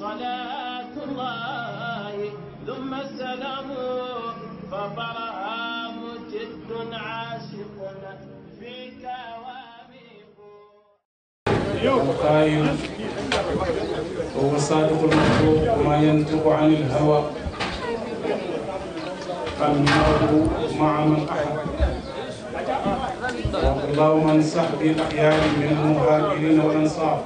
صلاة الله ثم السلام فطرها مجد عاشق فيك وامق وهو صادق المخلوق وما ينطق عن الهوى المرء مع من أحب اللهم انصح بالأخيار من المهاجرين والأنصار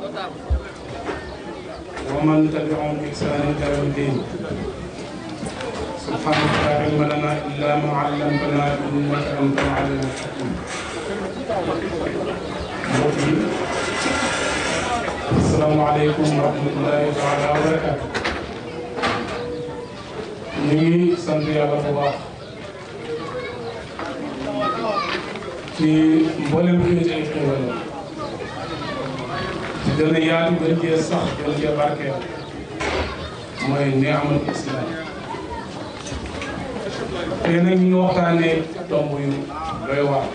ومن تبعهم بإحسان إلى يوم الدين سبحانك لا علم لنا إلا ما علمتنا إنك أنت العليم الحكيم السلام عليكم ورحمة الله تعالى وبركاته ñu ngi sant yàlla bu baax ci mboolem ñu ci ay xéwal gën a yaatu gën cee sax gën cee barkeel mooy ne amal islam te nag ñu ngi tomb yu doy waar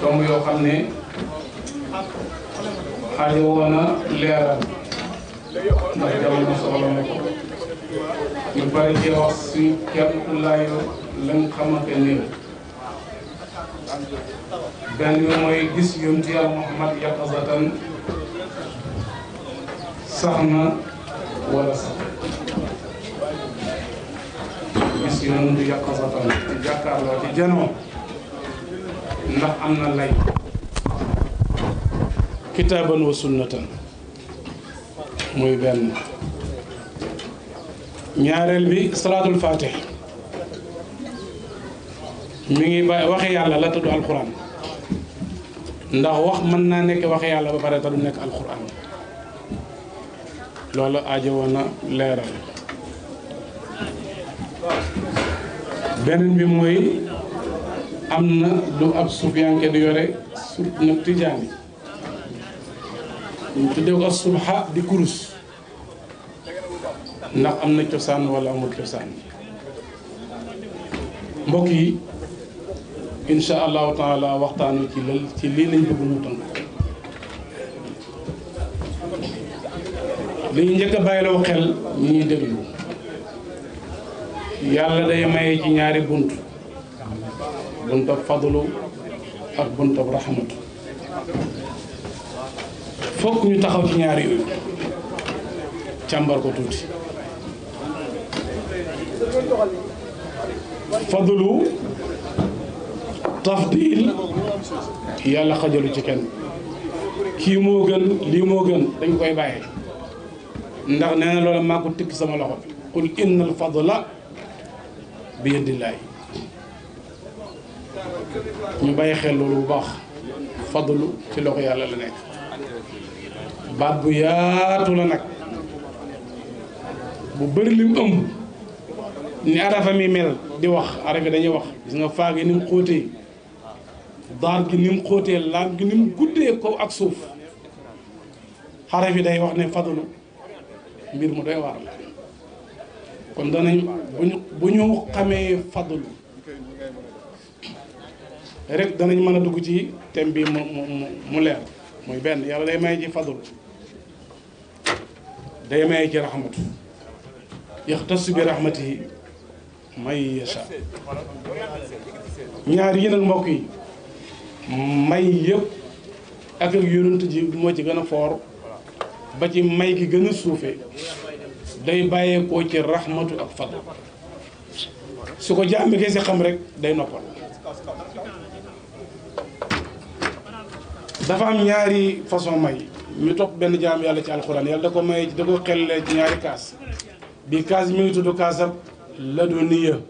tomb yoo xam ne xaajo woon leeral ndax jamono soxla na ko ñu bari cee wax suñu kenn laay lañ xamante ni benn bi mooy gis yonent yàlla Muhammad yaqazatan sax na wala sax gis yonent yaqazatan ci jàkkaarloo ci janoo ndax am na lay kitaaban wa muy benn ñaareel bi salaatul fatih mi ngi ba waxe yàlla la tudd alquran ndax wax mën naa nekk wax yàlla ba pare te du nekk alxuraan loolu aajo woon na leeral beneen bi mooy am na du ab sufiyanke du yore sur nag tijaani ñu tuddee ko subha di kurus ndax am na cosaan wala amul cosaan mbokk yi incha allahu taala waxtaanu ci lël ci lii nañ bëgg mu tënk njëkk a bàyyiloo xel ñi ñuy déglu yàlla day maye ci ñaari bunt buntab fadlu ak buntab rahmatu fokk ñu taxaw ci ñaari càmbar ko tuuti fadlu tafdil yàlla xajalu ci kenn kii moo gën lii moo gën dañ koy bàyyi ndax nee na loola maa ko tikk sama loxo bi qul inna al fadla bi yadillaahi ñu bàyyi xel loolu bu baax fadlu ci loxo yàlla la nekk bu yaatu la nag bu bëri lim ëmb ni arafa mi mel di wax arafa dañuy wax gis nga faag yi ni mu daar gi ni mu xóotee laal gi ni mu guddee kaw ak suuf xaraf yi day wax ne fadlu mbir mu doy waar la kon danañ bu ñu bu ñu xamee fadlu rek danañ mën a dugg ci thème bi mu mu mu leer muy benn yàlla day may ci fadlu day may ci raxmatu yaxtas bi raxmatihi may yasha ñaar yi mbokk yi may yëpp ak ak ji moo ci gën a foor ba ci may gi gën a suufe day bàyyeekoo ci raxmatu ak fadl su ko jaam bi kese xam rek day noppal dafa am ñaari façon may ñu topp benn jaam yàlla ci alxuraan yàlla da ko may da ko xellee ci ñaari kaas bii kaas mi ngi tudd kaasam laduniya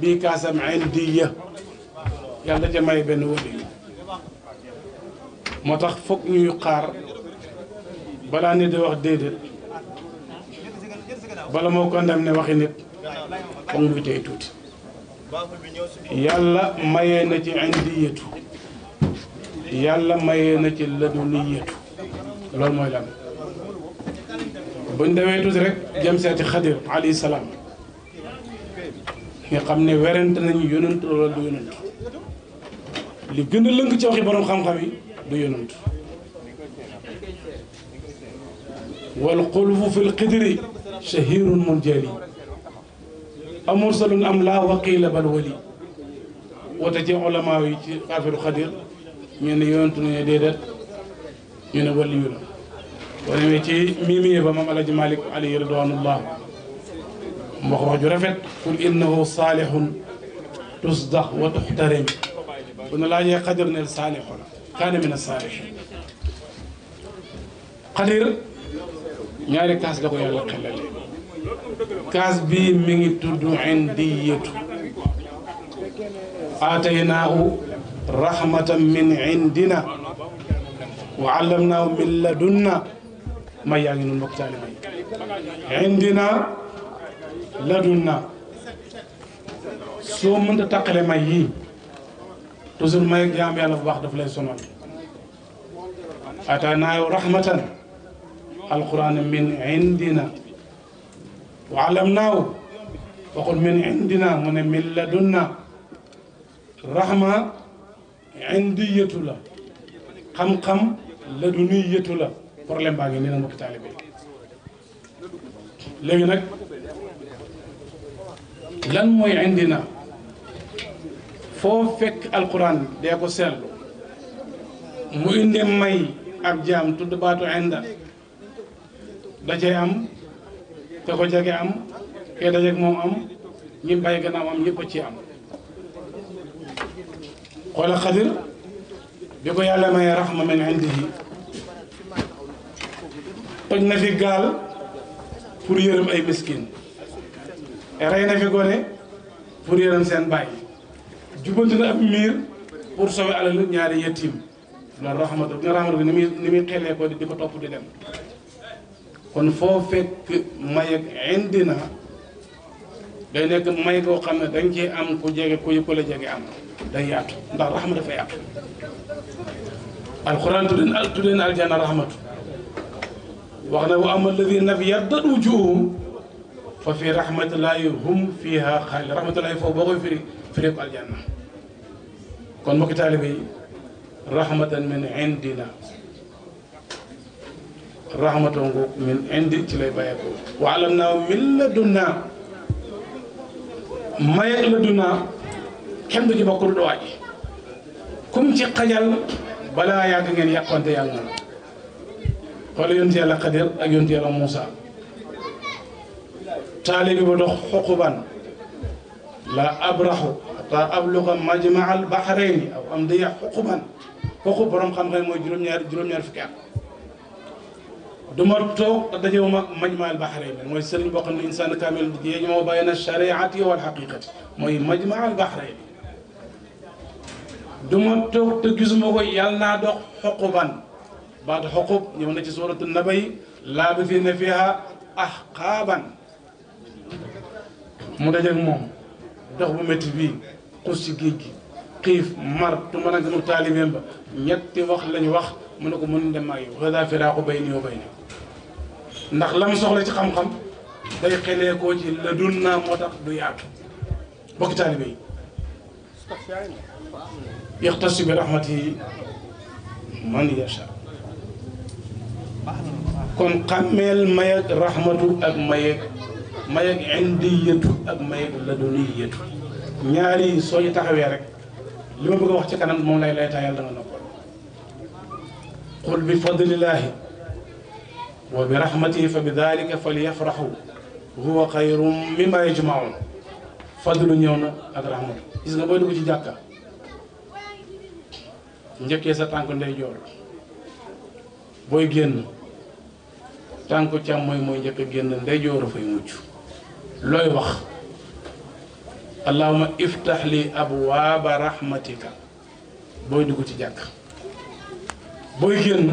bii kaasam indiya yàlla da may benn wëli moo tax foog ñuy xaar balaa nit di wax déedéet bala moo condamné waxi nit foog muy tey tuuti yàlla mayee na ci indi yetu yàlla mayee na ci laduni yetu loolu mooy lan buñ demee tuuti rek jëm seeti xadir alayhi salaam nga xam ne werante nañu yonantu loolu du yonantu li gën a lënk ci waxi borom xam-xam yi du yonant wal xulfu fil xidri shahirun mun jali amursalun am laa waqiila bal wali woote ci ulama yi ci affaire xadir ñu ne yonantu ne déedéet ñu ne wali yu ci miimie ba maam alaji malik alayhi ridwanullah mbox wax ju rafet qul innahu saalihun tusdax wa tuxtarim bu ñu laajee xadir neel saalixu la kaane min asaalixin xadir ñaari kaas la ko yàlla xelale kaas bii mi ngi tudd indiyatu aataynaahu rahmatan min indina wa allamnaahu min ladunna ma yaa ngi nun mbokk taalibe yi indina ladunna soo mënta taqale may yii toujours may jaam yàlla bu baax daf lay sonal atanaayu rahmatan alquran min indina wa alamnaahu waxul min indina mu ne min ladunna rahma indiyatu la xam-xam laduniyatu la problème baa ngi nii nag mbokki taalibe léegi lan mooy indina foo fekk alquran dee ko seetlu mu indi may ak jaam tudd baatu inda da cay am te ko jege am kee dajeeg moom am ñi bàyyi gannaaw am ñëpp a ci am xoola xadir bi ko yàlla may raxma min indihi toj na fi gaal pour yërëm ay miskin rey na fi gone pour yërëm seen bàyyi jubbanti na ab miir pour sauver alal ñaari yettiim loolu raxmatu nga raxmatu bi ni muy ni muy xelee ko di ko topp di dem kon foo fekk may ak indi na day nekk may koo xam ne danga ci am ku jege ku ko la jege am day yaatu ndax raxma dafa yaatu alxuraan tuddeen al tuddeen aljanna raxmatu wax na wa ama alladina biyaddat wujuhum fa fi raxmatullahi hum fiha xaali raxmatullahi foofu boo koy firi firee ko aljanna kon mbokki taalibe yi rahmatan min indina rahmatan gu min indi ci lay bàyyeekoo wa alam naa min la dunna maye la dunna kenn du ci bokkul doo aji kum ci xajal balaa yàgg ngeen yàqonte yàlla na xoolal yonti yàlla Xadir ak yonti yàlla Moussa taalibe ba dox xoquban la abraxu xataa abluga majmaa al bahrayni aw am day xuquban xuqub borom xam-xam mooy juróom-ñaari juróom-ñaari fukki at du ma toog te dajewu ma majmaa al bahrayni mooy sëriñ boo xam ne insaan kaamil yajmaa bayna shariati wal xaqiqati mooy majmaa al bahrayni du ma toog te gisuma ko yàlla naa dox xuquban baatu xuqub ñëw na ci suuratu nabay laabisiina fiihaa ahqaaban mu dajeeg moom. dox bu métti bii tus ci géej gi xiif mar tu mën a gënu taalibeem ba ñetti wax lañu wax mu ne ko mën dem ak yow hada firaaxu bay ni yow bay ni ndax lam soxla ci xam-xam day xelee koo ci la dun naa moo tax du yaatu bokki taalibe yi yaxtasu bi rahmatihi man yasha kon xàmmeel may ak rahmatu ak may may ak indiyatu ak may ak laduniyatu ñaari soo ñu taxawee rek li ma bëgg a wax ci kanam moom lay lay taayal da nga noppal qul bi fadlillahi wa bi rahmatihi fa bi dalika falyafrahu huwa xayrum mimma yajmaun fadlu ñëw na ak rahmatu gis nga booy dugg ci jàkka njëkkee sa tànk ndeyjoor booy génn tànk càmmooñ mooy njëkk génn ndeyjooru fay mucc looy wax allahuma iftax li abwaaba rahmatika booy dugg ci jàkk booy génn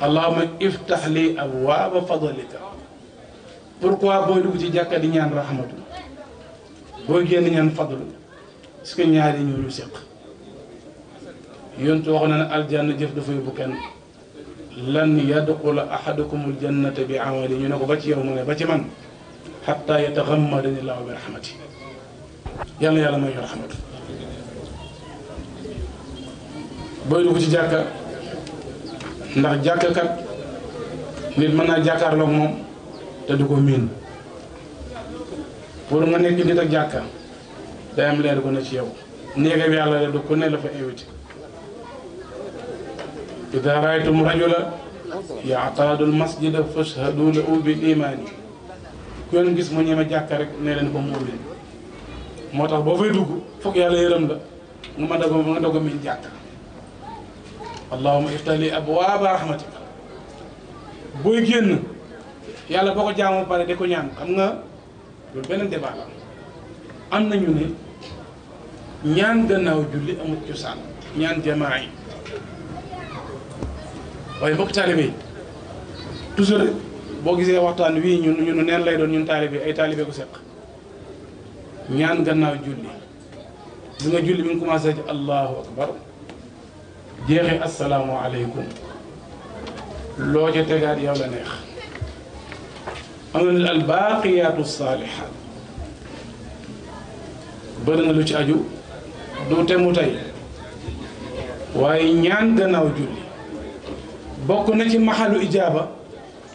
allahuma iftax li abwaaba fadlika pourquoi booy dugg ci jàkka di ñaan rahmatu booy génn ñaan fadlu parce ñaari ñoo ñu séq yontu wax na ne aljanna jëf dafa yóbbu kenn lan yadxula ahadukumul jannata bi amali ñu ne ko ba ci yow mu ne ba ci man xatta yataxammadani laahu bi raxmati yàlla yàlla may ñu raxmatu booy dugg ci jàkka ndax jàkka kat nit mën naa jàkkaarloog moom te du ko miin pour nga nekk nit ak jàkka day am leer gu ne ci yow néegam yàlla la du ku ne la fa invité ida raaytum rajula yaataadul masjida fashhadu lahu bil imaani ku leen gis mu ñeme jàkka rek ne leen ko muur leen moo tax boo fay dugg foog yàlla yërëm la nga ma dogo nga dogo min jàkka allahuma iftali abwaaba rahmatika booy génn yàlla boo ko jaamoo pare di ko ñaan xam nga loolu beneen débat la am nañu ne ñaan gannaaw julli amul cosaan ñaan jamaa yi waaye mbokk taalibe yi boo gisee waxtaan wii ñun ñun neen lay doon ñun taalibe ay taalibe ko seq ñaan gannaaw julli bi nga julli bi nga commencé ci allahu akbar jeexee asalaamualeykum loo ca tegaat yow la neex am na lu ci aju du temu tey waaye ñaan gannaaw julli bokk na ci maxalu ijaaba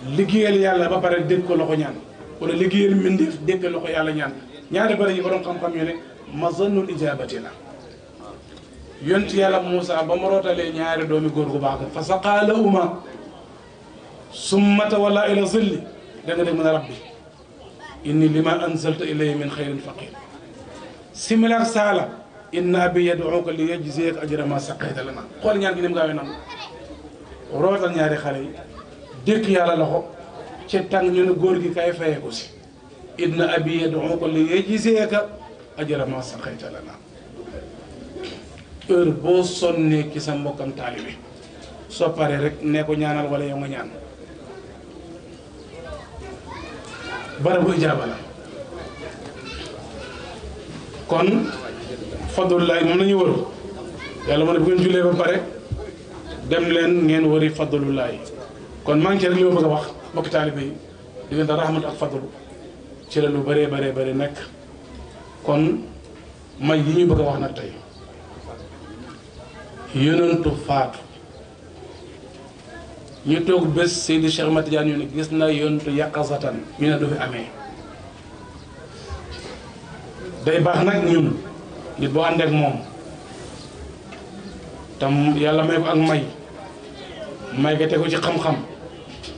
liggéeyal yàlla ba pare dégg ko loxo ñaan wala liggéeyal mbindeef dégg loxo yàlla ñaan ñaari bari yi borom xam-xam yu ne mazannul ijaabati la yonent yàlla Moussa ba mu rootalee ñaari doomi góor gu baax fa saqaa lahumaa summa tawallaa ilaa zilli da nga dégg mën a rabbi inni limaa anzalta ilayya min xayrin faqiir similaire saa la inna abi yad'uuka li yajziyaka ajra maa saqayta lanaa xool ñaan gi ni gaawee nangu rootal ñaari xale yi dékk yàlla loxo ci tàng ñu ne góor gi kay fayee ko si ibn abi yad'uka li yajziyaka ajra ma saqayta lana heure boo sonnee ci sa mbokkam taalibe soo paree rek nee ko ñaanal wala yow nga ñaan barabu ijaaba la kon fadlullahi moom la ñuy wëru yàlla ma ne bu ngeen ba pare dem leen ngeen wëri fadlullahi kon maa ci rek li ma bëgg a wax mbokki taalibe yi diggante rahmat ak fadlu ci la lu bëree bëree bëri nekk kon may yi ñu bëgg a wax nag tey yonentu faatu ñu toog bés Seydi Cheikh Ahmad Tidiane ñu ne gis na yonentu yàqasatan ñu ne du fi amee day baax nag ñun nit boo ànd moom tam yàlla may ko ak may may ga tegu ci xam-xam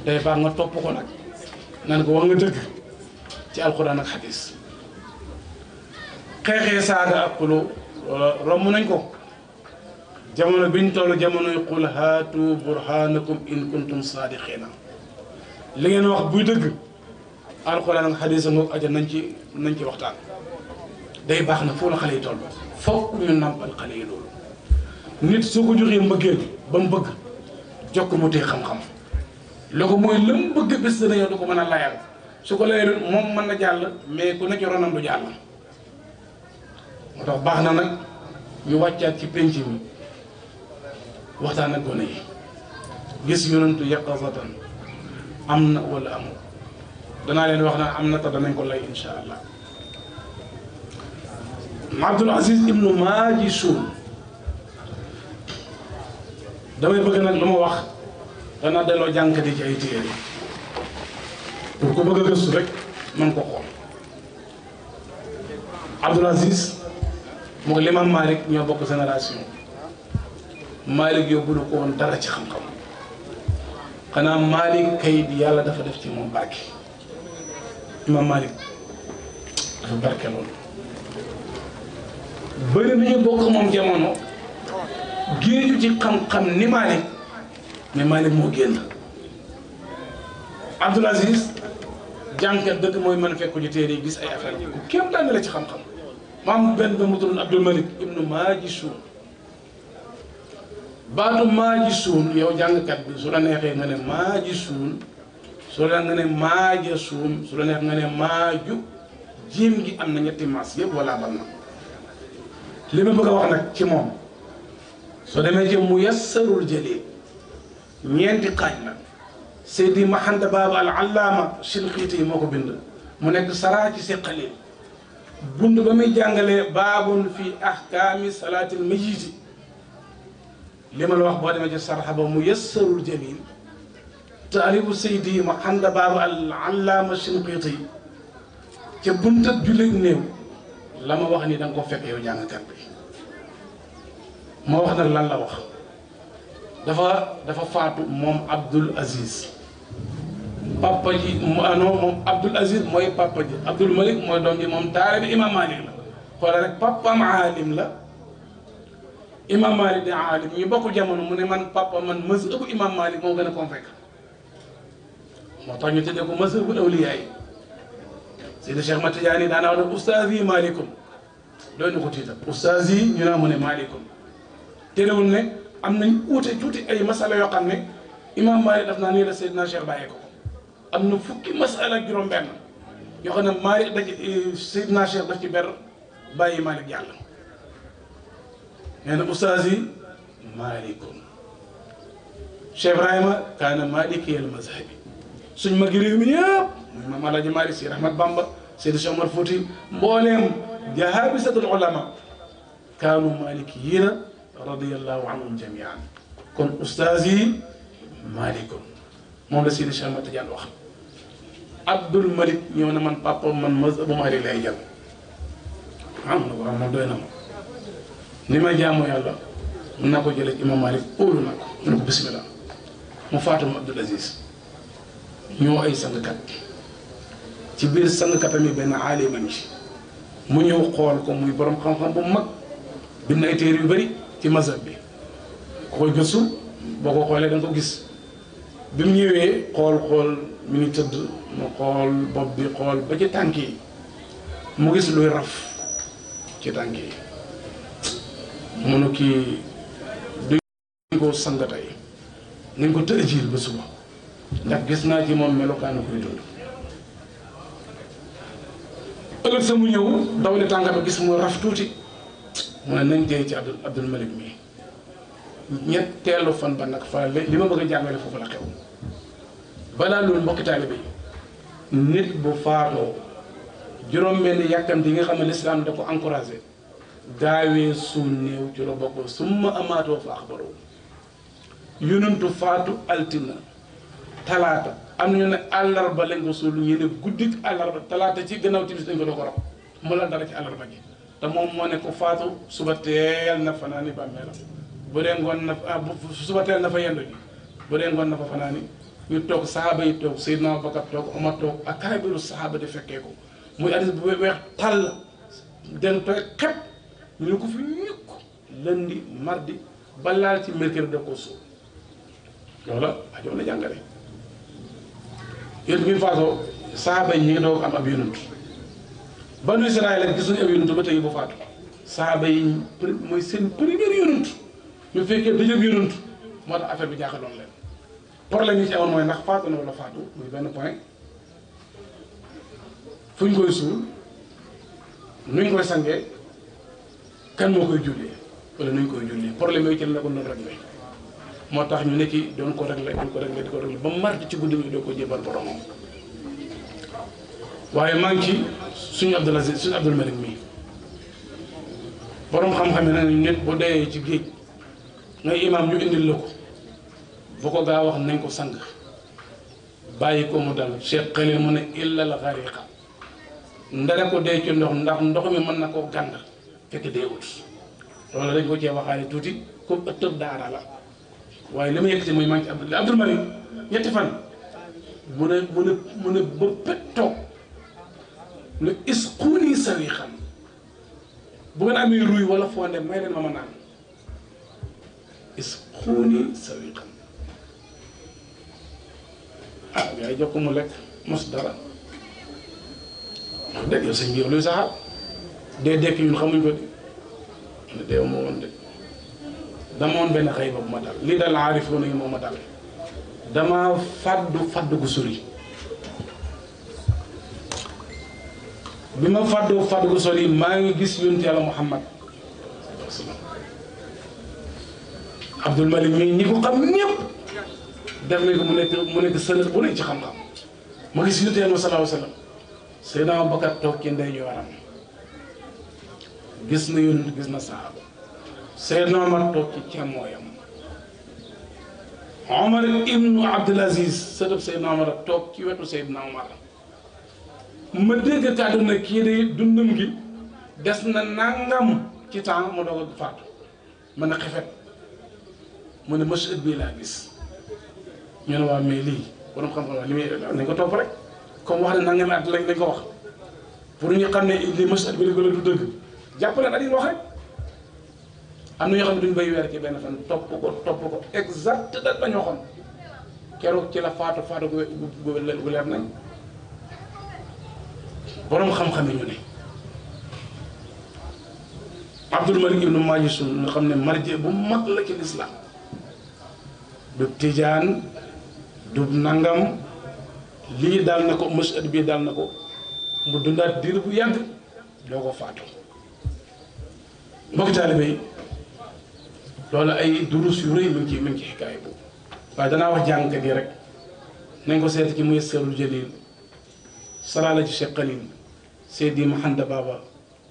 day eh, baax nga topp ko nag nan ko wax nga dëgg ci alxuraan ak xadis xeexee saaga ak xuloo eh, romb nañ ko jamono biñ toll jamonoy qul haatu burhanakum in kuntum saadiqina li ngeen wax buy dëgg alxuraan ak xadis nga aja nañ ci nañ ci waxtaan day baax na foo la xale yi toll fokk ñu nàmpal xale yi loolu nit soo ko joxee mbëggeel ba mu bëgg jokk mu tee xam-xam loolu mooy la mu bëgg bés dana yow ko mën a layal su ko layaloon moom mën na jàll mais ku ne ci ronam du jàll moo tax baax na nag ñu wàccaat ci penc waxtaan ak gone yi gis yonantu yaqazatan am na wala amul danaa leen wax na am na te danañ ko lay insha allah Abdul Aziz ibnu Maaji Suum damay bëgg nag lu ma wax dana delloo jànkat yi ci ay téere pour ko bëgg a gëstu rek mën ko xool Abdoul Aziz moo limaam Malick ñoo bokk génération Malick yóbbu ko woon dara ci xam-xam xanaa Malick kay yàlla dafa def ci moom barke imaam Malick dafa barke loolu bëri nañu bokk moom jamono géeju ci xam-xam ni Malick mais Malick moo génn Abdoul Aziz jànkat dëgg mooy mën a fekk ci téere yi gis ay affaire ku kéem daan la ci xam-xam maam benn ba mu tuddoon Abdul Malik ibnu Maaji Suun baatu Maaji Suun yow jàngkat bi su la neexee nga ne Maaji Suun su la neex nga ne Maaja Suun su la neex nga ne Maaju jiim gi am na ñetti maas yëpp wala bal na li ma bëgg a wax nag ci moom soo demee ci mu yassarul ñeenti xaaj la Seydi Mahanda Baba al allaama Shinqiiti yi moo ko bind mu nekk saraa ci siqalil bund ba muy jàngale baabun fi ahkaami salaatil mayyiti li ma la wax boo demee ci sarxa ba mu yassarul jamil taalibu Seydi Mahanda Baba al allaama Shinqiiti yi ca jullit néew la wax ni da ko fekk yow jàngkat bi moo wax nag lan la wax dafa dafa faatu moom Abdul Aziz papa ji ah, non moom Abdul Aziz mooy papa ji Abdul Malik mooy doom ji moom taalibe Imam Malik la xoolal rek papaam aalim la Imam Malik di aalim ñu bokk jamono mu ne man papa man mazhabu Imam Malik moo gën a convaincre moo tax ñu tuddee ko mazhabu awliyaa yi Seydi Cheikh Ahmad Tidiane daanaa wax ne ustaaz yi malikum doon na ko tiital ustaaz yi ñu naa mu ne malikum terewul ne. am nañ uute tuuti ay masala yoo xam ne imaam Maalik daf naa nii la Seydina Cheikh bàyyee ko am na fukki masala ak juróom-benn yoo xam ne Maalik daj Seydina Cheikh daf ci ber bàyyi Maalik jàll nee na maalikum Cheikh Ibrahima kaana maalikiyal mazhabi suñ magi réew mi yëpp muy maam Alaaji Maalik Si Ahmad Bamba Seydi Cheikh Omar Fouti radiyallahu anhum jamian kon ustaaz yi moom la Seydi Cheikh Ahmad Tidiane wax Abdul Malik ñëw na man papa man mazhabu Malik lay jàll ko man doy ni may jaamu yàlla mën naa ko jëlee ci imam Malik óolu naa ko mu ne ko bismillah mu faatuma Abdul Aziz ñoo ay sangkat ci biir sangkatam yi benn aaliman ci mu ñëw xool ko muy borom xam-xam bu mag bind ay yu bari ci mazhab bi ku koy gëstu boo ko xoolee da ko gis bi mu ñëwee xool xool mu ngi tëdd mu xool bopp bi xool ba ci tànk yi mu gis luy raf ci tànk yi mënu kii duñ ko sang tey nañ ko tëjil ba suba ndax gis naa ci moom melokaanu koy dund ëllëg sa mu daw di tànk ba gis mu raf tuuti mu ne nañ jëlee ci Abdul Abdul Malik mii ñetteelu fan ba nag fa li ma bëgg a jàngale foofu la xew balaa loolu mbokki taalibe yi nit bu faatoo juróom-benn yàkkamti yi nga xam ne lislaam da ko encouragé daawee su néew ci la bokk summa amaatoo fa axbaroo yonantu faatu altina talaata am ñu ne àllarba lañ ko suul ñu ne guddik àllarba talaata ci gannaaw timis dañ ko doo ko rob mu la dara ci àllarba gi te moom moo ne ko faatu suba teel na fanaani bàmmeelam bu dee ngoon na ah suba teel na fa yendu ji bu ngoon na fa fanaani ñu toog saxaaba yi toog Seydina Abubakar toog Omar toog ak fekkee ko muy bu weex tàll den tooy ci mercredi da ko suuf loola am ab yonent banu Israël ak gis nañu ab yonent ba tey bu faatu saaba yi mooy seen premier yonent ñu fekkee dañu ab yonent moo tax affaire bi jaaxaloon leen problème yi ci amoon mooy ndax faatu na wala faatu muy benn point fu ñu koy suul nuñ koy sangee kan moo koy jullee wala nuñ koy jullee problème yooyu ci la ko moo tax ñu nekki doon ko réglé doon ko réglé di ko réglé ba màrt ci guddi gi doo ko jébal waaye maa ngi ci suñu Abdul Aziz suñu Abdul Malik mii borom xam-xam yi nañu nit bu dee ci géej nga ñu indil la ko bu ko gaa wax nañ ko sang bàyyi ko mu dal Cheikh Khalil mu ne illa la xariqa ndare ko dee ci ndox ndax ndox mi mën na koo gànd fekk dee ut loolu dañ ko cee waxaale tuuti ko ëttëb daara la waaye li ma yëkkati mooy maa ngi ci Abdul Malik ñetti fan mu ne mu ne mu ne ba toog ne isquni sawixan bu ngeen amee ruy wala foo ne may leen ma ma naan isquni sawixan ah gars jox ko mu lekk mos dara wax dëgg yow sëñ bi luy saxaar dee dekk ñun xamuñ ko de ne dee de dama woon benn xëy ba bu ma dal li dal aarifoon yi moo ma dal dama fàddu fàddu gu sori bi ma fàddu fàddu ko sori maa ngi gis yonent yàlla Muhammad Abdul Malik mi ñi ko xam ñëpp def nañ ko mu nekk mu nekk sëriñ bu nekk ci xam-xam ma gis yonent yàlla sallallahu alayhi wa sallam Seydina Abubakar toog ci ndey ñu waram gis na yonent gis na saxaaba Seydina Omar toog ci càmmooyam Omar ibnu Abdul Aziz sëtëb Seydina Omar toog ci wetu Seydina Omar ma dégg kàddu na kii day dundam gi des na nangam ci temps mu doog a faatu mën a xefet mu ne machad bii laa gis ñu ne waa mais lii borom xam-xam la li muy nañ ko topp rek comme wax ne nangam at lañ lañ ko wax pour ñu xam ne lii machad bi la gën a du dëgg jàpp leen at yi am na ñoo xam ne duñ bay weer ci benn fan topp ko topp ko exact date ba ñu waxoon keroog ci la faatu faatu gu leer nañ boroom xam-xam yi ñu ne Abdul Malik ibnu Maajishun nga xam ne marje bu mag la ci lislaam du tijaan du nangam lii daal na ko mësad bii daal na ko mu dundaat diir bu yàgg doo ko faatu mbokk taalibe loolu ay durus yu rëy mi ci mi ci xikaay boobu waaye danaa wax jàngkat yi rek nañ ko seet ci muy seerul jalil salaala ci Cheikh Seydi Mahanda Baba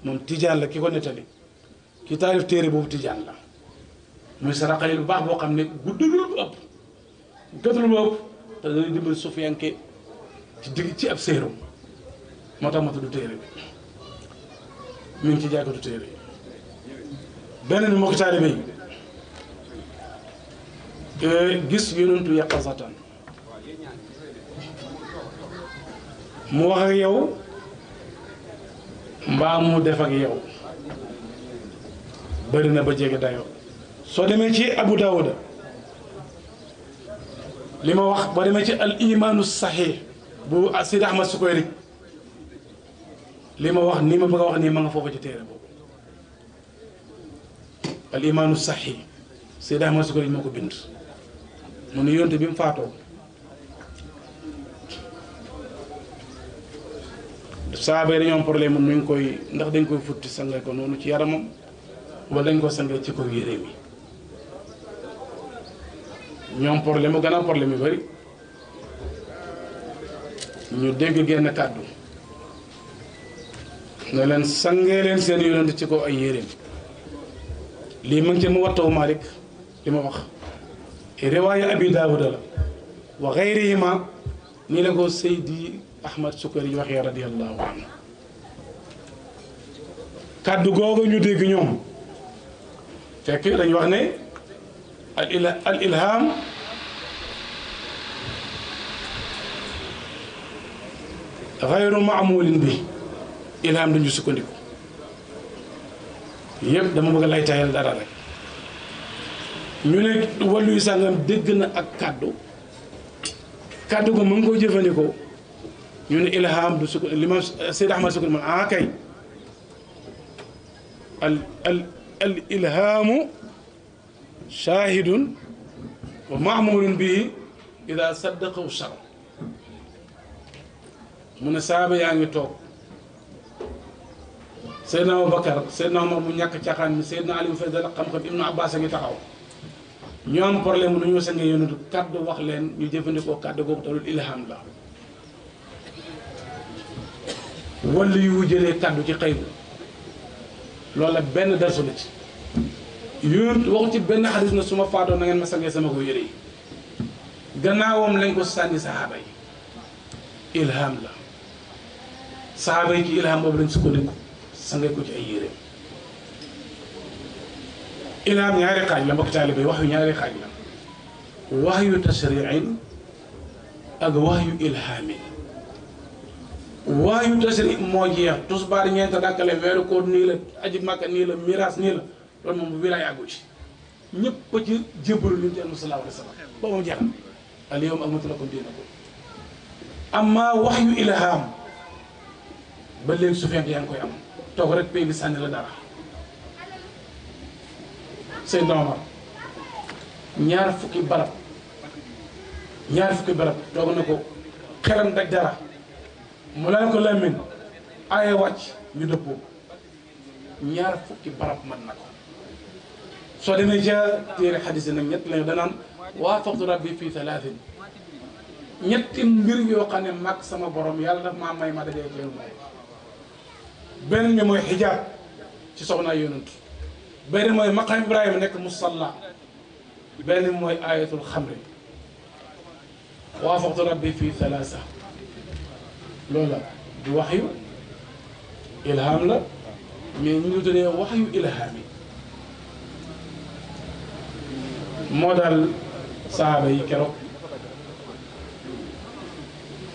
moom tijaan la ki ko nettali ki taalif téere boobu tijaan la muy saraxale bu baax boo xam ne guddalul bu ëpp gëtul bu ëpp te dañuy dimbali suufiyanke ci digg ci ab séeram moo tax ma tudd téere bi ngi ci jaaykatu téere yi beneen bi moo ko taalibe yi e, gis yonentu yàqasatan mu wax ak yow mbaam mu def ak yow bëri na ba jege dayoo soo demee ci Abu Dawud li ma wax boo demee ci al imaanu saxiix bu Sidi ma Sukoyri li ma wax nii ma bëgg a wax nii ma nga foofu ci téere boobu al imaanu saxiix Sidi Ahmad Sukoyri moo ko bind mu ne yonte bi mu faatoo saaba yi dañoo am problème moom dañ koy ndax dañ koy futti sange ko noonu ci yaramam wala dañ ko sange ci kaw yére mi ñoom problème mu gannaaw problème yu bëri ñu dégg genn kàddu ne leen sangee leen seen yonent ci kaw ay yéreem lii ma ngi ci mu wattaw Malik li ma wax riwaaya Abi Daawuda la wa xayrihima nii la ko Seydi Ahmad Sukari waxee radiyallahu anhu kàddu googu ñu dégg ñoom fekk dañu wax ne al il al ilham xayru maamulin bi ilham dañu sukkandiku yëpp dama bëgg lay tayal dara rek ñu ne wàllu yu sàngam dégg na ak kàddu kàddu ko mu ngi jëfandikoo ñu ne ilham du sukk li ma Seyd man ah kay al al al wa mahmulun bihi ida saddaqaw sar mu yaa ngi toog Seydna Abubakar Seydna Omar bu ñàkk caaxaan mi Seydna Ali mu fay dala xam-xam Ibnu Abbas a ngi taxaw ñoo am problème mu nu ñoo sangee yonentu kàddu wax leen ñu jëfandikoo kàddu googu tamit ilham la wala yu jëlee kàddu ci xëy loolu la benn darsu la ci yonent waxu ci benn xadis na su ma faatoo na ngeen ma sangee sama ko yére yi gannaawam lañ ko sànni saxaaba yi ilham la saxaaba yi ci ilham boobu lañ sukkandiku sangee ko ci ay yére ilham ñaari xaaj la mbokk taalibe wax yu ñaari xaaj la wax yu tashriin ak wax yu ilhamin waayu tasri moo jeex tusbaar ñeent rakkale weeru koor nii la aji makka nii la miraas nii la loolu moom bu wilaay àggu ci ñëpp a ci jébbalu li ñu ci sallallahu alayhi wa sallam moom jeexal al yawma akmaltu lakum diinakum amma wahyu ilham ba léegi su fekk yaa ngi koy am toog rek pay bi sànni la dara seen doomam ñaar fukki barab ñaar fukki barab toog na ko xelam daj dara mu leen ko Lamine ay wàcc ñu ñaar fukki barab mën na ko soo demee ja téere xadis yi nag ñett lañu danaan waafaqtu rabbi fii talaatin ñetti mbir yoo ne mag sama borom yàlla daf maa may ma dajee benn bi mooy xijaab ci soxnaa yonent benn bi mooy maqam Ibrahima nekk musalla benn bi mooy ayatul xamri waafaqtu rabbi fii talaasa loolu loola di wax yu ilham la mais ñu ngi wax yu ilham yi moo dal saaba yi keroog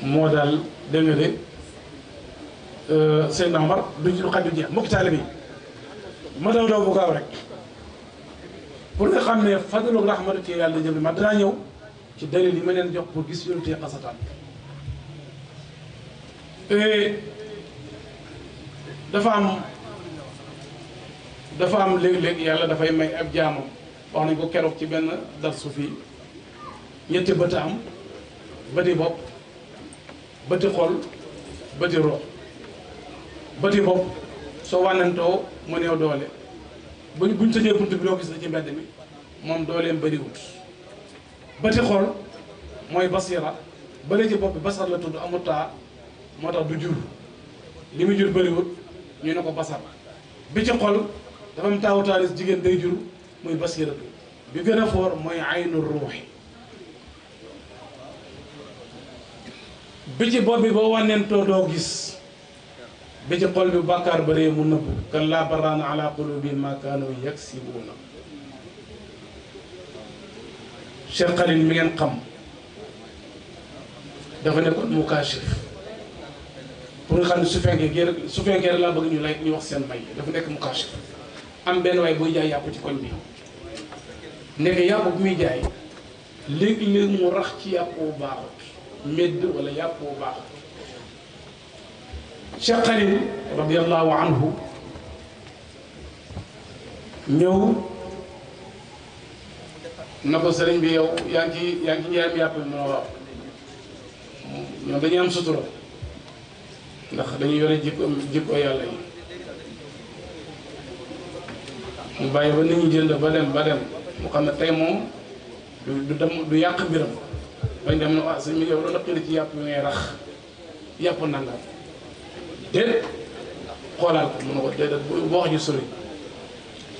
moo daal dégg nga de euh, seen nambar duñ ci lu xaj du jeex mbokk taalibe bi ma daw daw bu gaaw rek pour nga xam ne fadlu rahmatu yàlla jëm ma danaa ñëw ci dalil yi ma leen jox pour gis yonent yi xasataan dafa am dafa am léeg-léeg yàlla dafay may ak jaamam wax nañ ko keroog ci benn darsu fii ñetti bët am bëti bopp bëti xol bëti rox bëti bopp soo wànnantoo mu néew doole buñ buñ tëjee bunt bi doo gis la ci mbedd mi moom dooleem bëriwut xol mooy basira bëri ci bopp bi basar la tudd amut taa moo tax du jur li mu jur bëriwut ñu ne ko basar bi ci xol dafa am taawu jigéen day jur muy basiratu bi gën a foor mooy aynu ruuxi bi ci bopp bi boo wànneentoo doo gis bi ci xol bi bàkkaar bëree mu nëbbu kallaa barraana ala qulubi ma kaanu yaksibuuna Cheikh Khalil ngeen xam dafa nekkoon mukaashif pour nga xam ne su fekkee gerte su fekkee rek laa bëgg ñu lay ñu wax seen may dafa nekk mu caché am benn waay booy jaay yàpp ci koñ bi nekk yàpp bu muy jaay léeg-léeg mu rax ci yàpp woo baaxut wala yàpp woo baaxut Cheikh Xalil radiallahu anhu ñëw na ko sëriñ bi yow yaa ngi yaa ngi jaayam yàpp bi mu ne waaw am sutura ndax dañu yore jikko jikko yàlla yi mu bàyyi ba nit ñi jënd ba dem ba dem mu xam ne tey moom du dem du yàq biram bañ dem ne waa ah, sëñ bi rax yàpp nangam déet xoolaal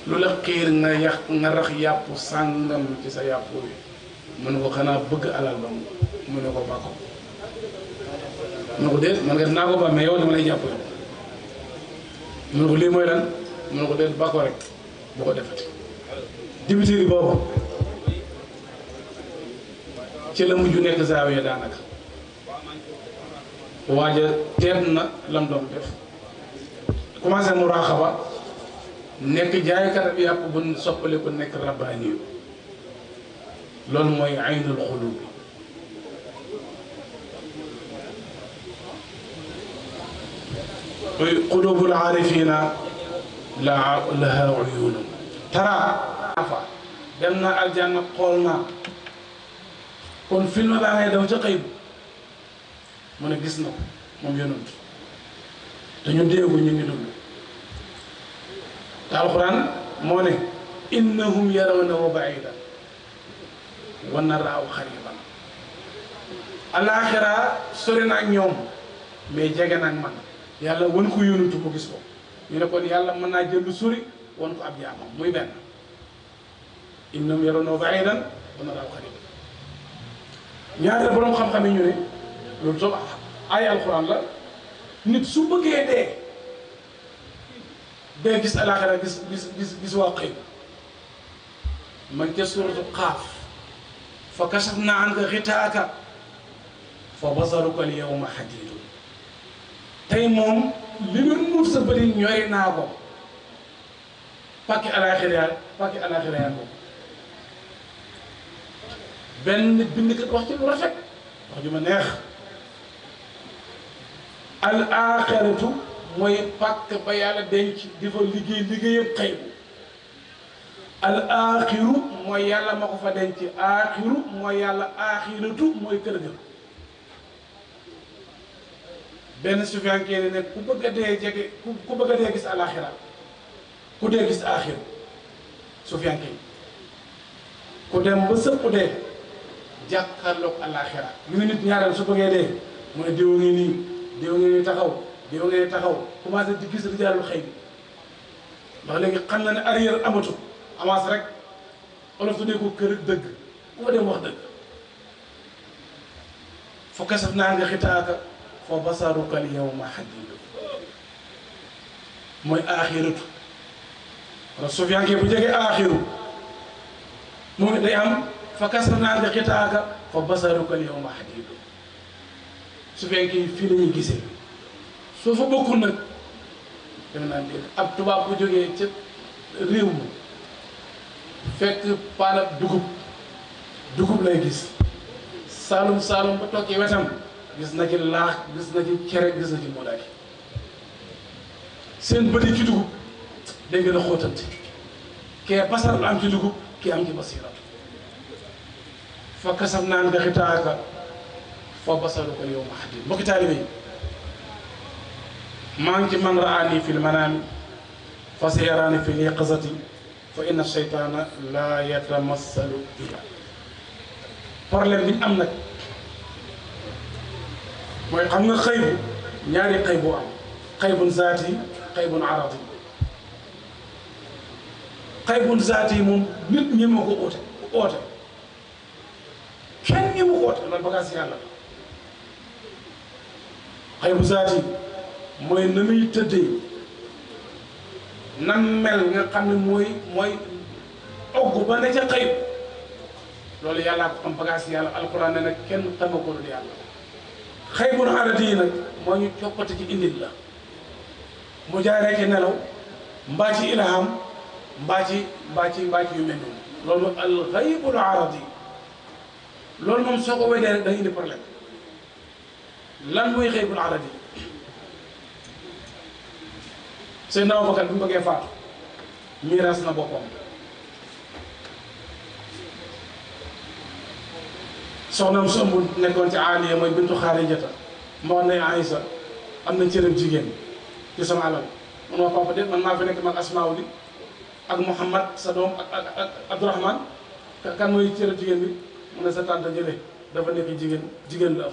lu la xiir nga yàq rax yàpp sàngam ci sa yàpp wi mun ko xanaa bëgg alal ba mu ne ko bàkko mu ne ko déet man nga ko ba mais yow dama lay jàppale mu ne ko lii mooy lan mu ne ko déet ba ko rek bu ko defati dibitiri boobu ci la mujj nekk zaawiya daanaka waaja teet na lam doon def commencé mu raaxaba nekk jaaykat bi yàpp bu soppali ko nekk rabbaani loolu mooy aynul xulub qulubul aarifina la laha uyunun tara fa dem na aljanna xool naa kon film baa ngay daw ca xëy mu ne gis na ko moom yonent te ñu dégg ñu ngi dund te alxuraan moo ne innahum yarawnahu baidan wa naraahu xariban alaxira sori na ak ñoom mais jege na man yàlla wan ko yónatu ko gis ko ñu ne kon yàlla mën naa jël lu sori wan ko ab jaamam muy benn innahum yarawnahu ba'iidan wa naraahu qariiban ñaareel boroom xam-xam yi ñu ne loolu tam ay alxuraan la nit su bëggee dee dee gis alaaxira gis gis gis waa xëy man ca suuratu xaaf fa kashafnaa anka xitaaka fa basaruka al yawma hadiidun tey moom li doon muur sa bëri ñori naa ko pàkki alaxira pàkki alaxira ko benn bindkat wax ci lu rafet wax ju ma neex al axiratu mooy pàkk ba yàlla denc di fa liggéey liggéeyam xëy bu al axiru mooy yàlla ma ko fa denc axiru mooy yàlla axiratu mooy kër ga benn sufian kéene ne ku bëgg a dee jege ku bëgg a dee gis alaxira ku dee gis axir sufian kéene ku dem ba sëpp dee jàkkaarloog alaxira luy nit ñaareel su bëggee dee mu ne diwa ngi nii diwa ngi nii taxaw diwa ngi nii taxaw commencé di gis rijaalul xëy bi ndax léegi xam na ne arrière amatu avance rek olof tuddee ko kër dëgg ku fa dem wax dëgg fu kasaf naa nga xitaaka fa basaruka al yawma hadiid mooy aaxiratu kon sufiyanke bu jege aaxiru moom day am fa kasarnaa nga xitaaka fa basaruka al yawma hadiid sufiyanke yi fii la ñuy gisee soo fa bokkul nag dem tubaab bu jógee ca réew fekk paanab dugub dugub lay gis saalum saalum ba toog ci wetam gis na ci laax gis na ci cere gis na ci moodaay seen bëri ci dugub day gën a xóotante am ci dugub kii fa kasam naan fa basaru ko yow ma xaddi mbokki taalibe yi maa ngi ci man raani fi lmanaami fa fi liqazati fa inna cheytaana laa yatamassalu biha problème am nag mooy xam nga xëy bu ñaari xëy bu am xëy bun zaati xëy bun aradi xëy bun zaati moom nit ñi ma ko oote kenn ñi ma ko oote loolu bagaas yàlla la xëy bu zaati mooy na muy tëddee nan mel nga xam ne mooy mooy ogg ba ne xëy loolu yàllaa ko xam bagaas yàlla alquran ne nag kenn xamagul yàlla xëy bu nu yi nag moo ñu coppati ci indil la mu jaaree ci nelaw mbaa ci ilham mbaa ci mbaa ci mbaa ci yu mel noonu loolu moom al xaybul loolu moom soo ko weddee rek indi problème lan mooy xaybul aradi seen naw bakkan bu bëggee faatu miiras na boppam soxnaam su ëmb nekkoon ci aaliya mooy bintu xaarijata ma wax ne Aïssa am na cërëb jigéen ci sama alal man ma papa de man maa fi nekk man asmaaw di ak Mouhamad sa doom ak ak ak Abdourahman kan mooy cërëb jigéen bi mu ne jigéen jigéen la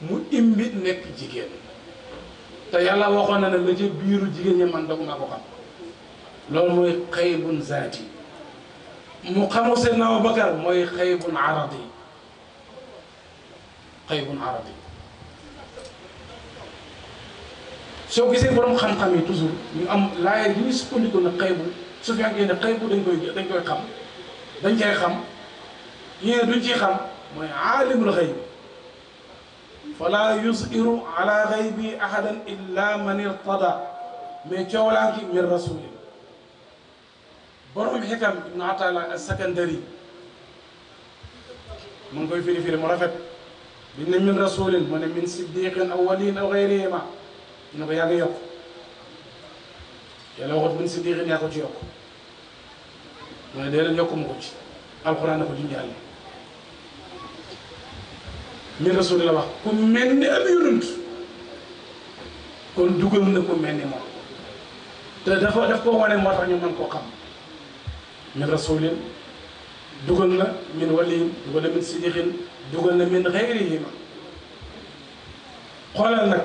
mu imbi nekk jigéen te yàlla waxoon na ne la ci biiru jigéen ñi man dog maa ko xam loolu mooy xëy bun zaati mu xamoo seen na Abubakar mooy xaybun aradi xaybun aradi soo gisee borom xam-xam yi toujours ñu am laay yi ñu sukkandiku ne xaybu su fekkee ne xaybu dañ koy dañ koy xam dañ koy xam yéen duñ ciy xam mooy aalimul xayb fala ala xaybi ahadan illa man irtada mais coowlaa ngi min rasulillah borom xikam ibnu ataala ak sakandari mu ngi koy firi firi mu rafet biñ ne min rasulin mu ne min siddiqin aw waliin aw xayrihima dina ko waxut min siddiqin yaa ko ci yokk mu ne déedéet yokkuma ko ci alxuraan na ko min rasul la ku mel ni kon dugal ku mel ni moom te dafa daf koo wane moo tax ñu mën koo xam min rasulin dugal na min waliyin dugal na min sidixin dugal na min xayrihima xoolal nag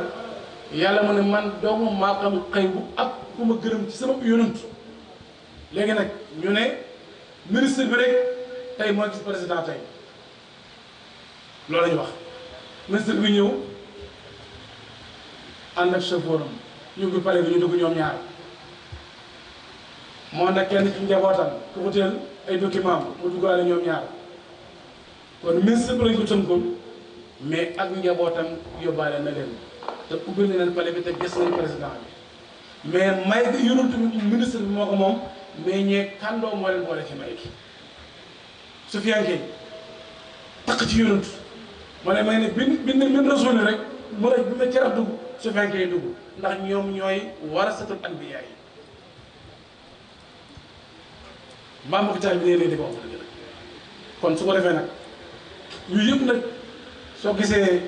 yàlla mu ne man doomu maa xam xëy bu ak ku ma gërëm ci sama yonent léegi nag ñu ne ministre bi rek tey mooy gis président tey loolu la ñu wax ministre bi ñëw ànd ak chauffeur am ñu ngi pare bi ñu dugg ñoom ñaar moo nag kenn ci njabootam ku uteel ay document mu duggaale ñoom ñaar kon ministre bi lañ mais ak njabootam yóbbaale na leen te ubbi na leen pale bi te gis nañ président bi mais bi su fiyanke takk ci yonantu ma ne may ne bin bin min rasul rek rek su fiyanke dugg ndax ñoom ñooy warasatul anbiya yi mbaam ak taal bi day rëy di ko kon su ko defee nag yooyu yëpp nag soo gisee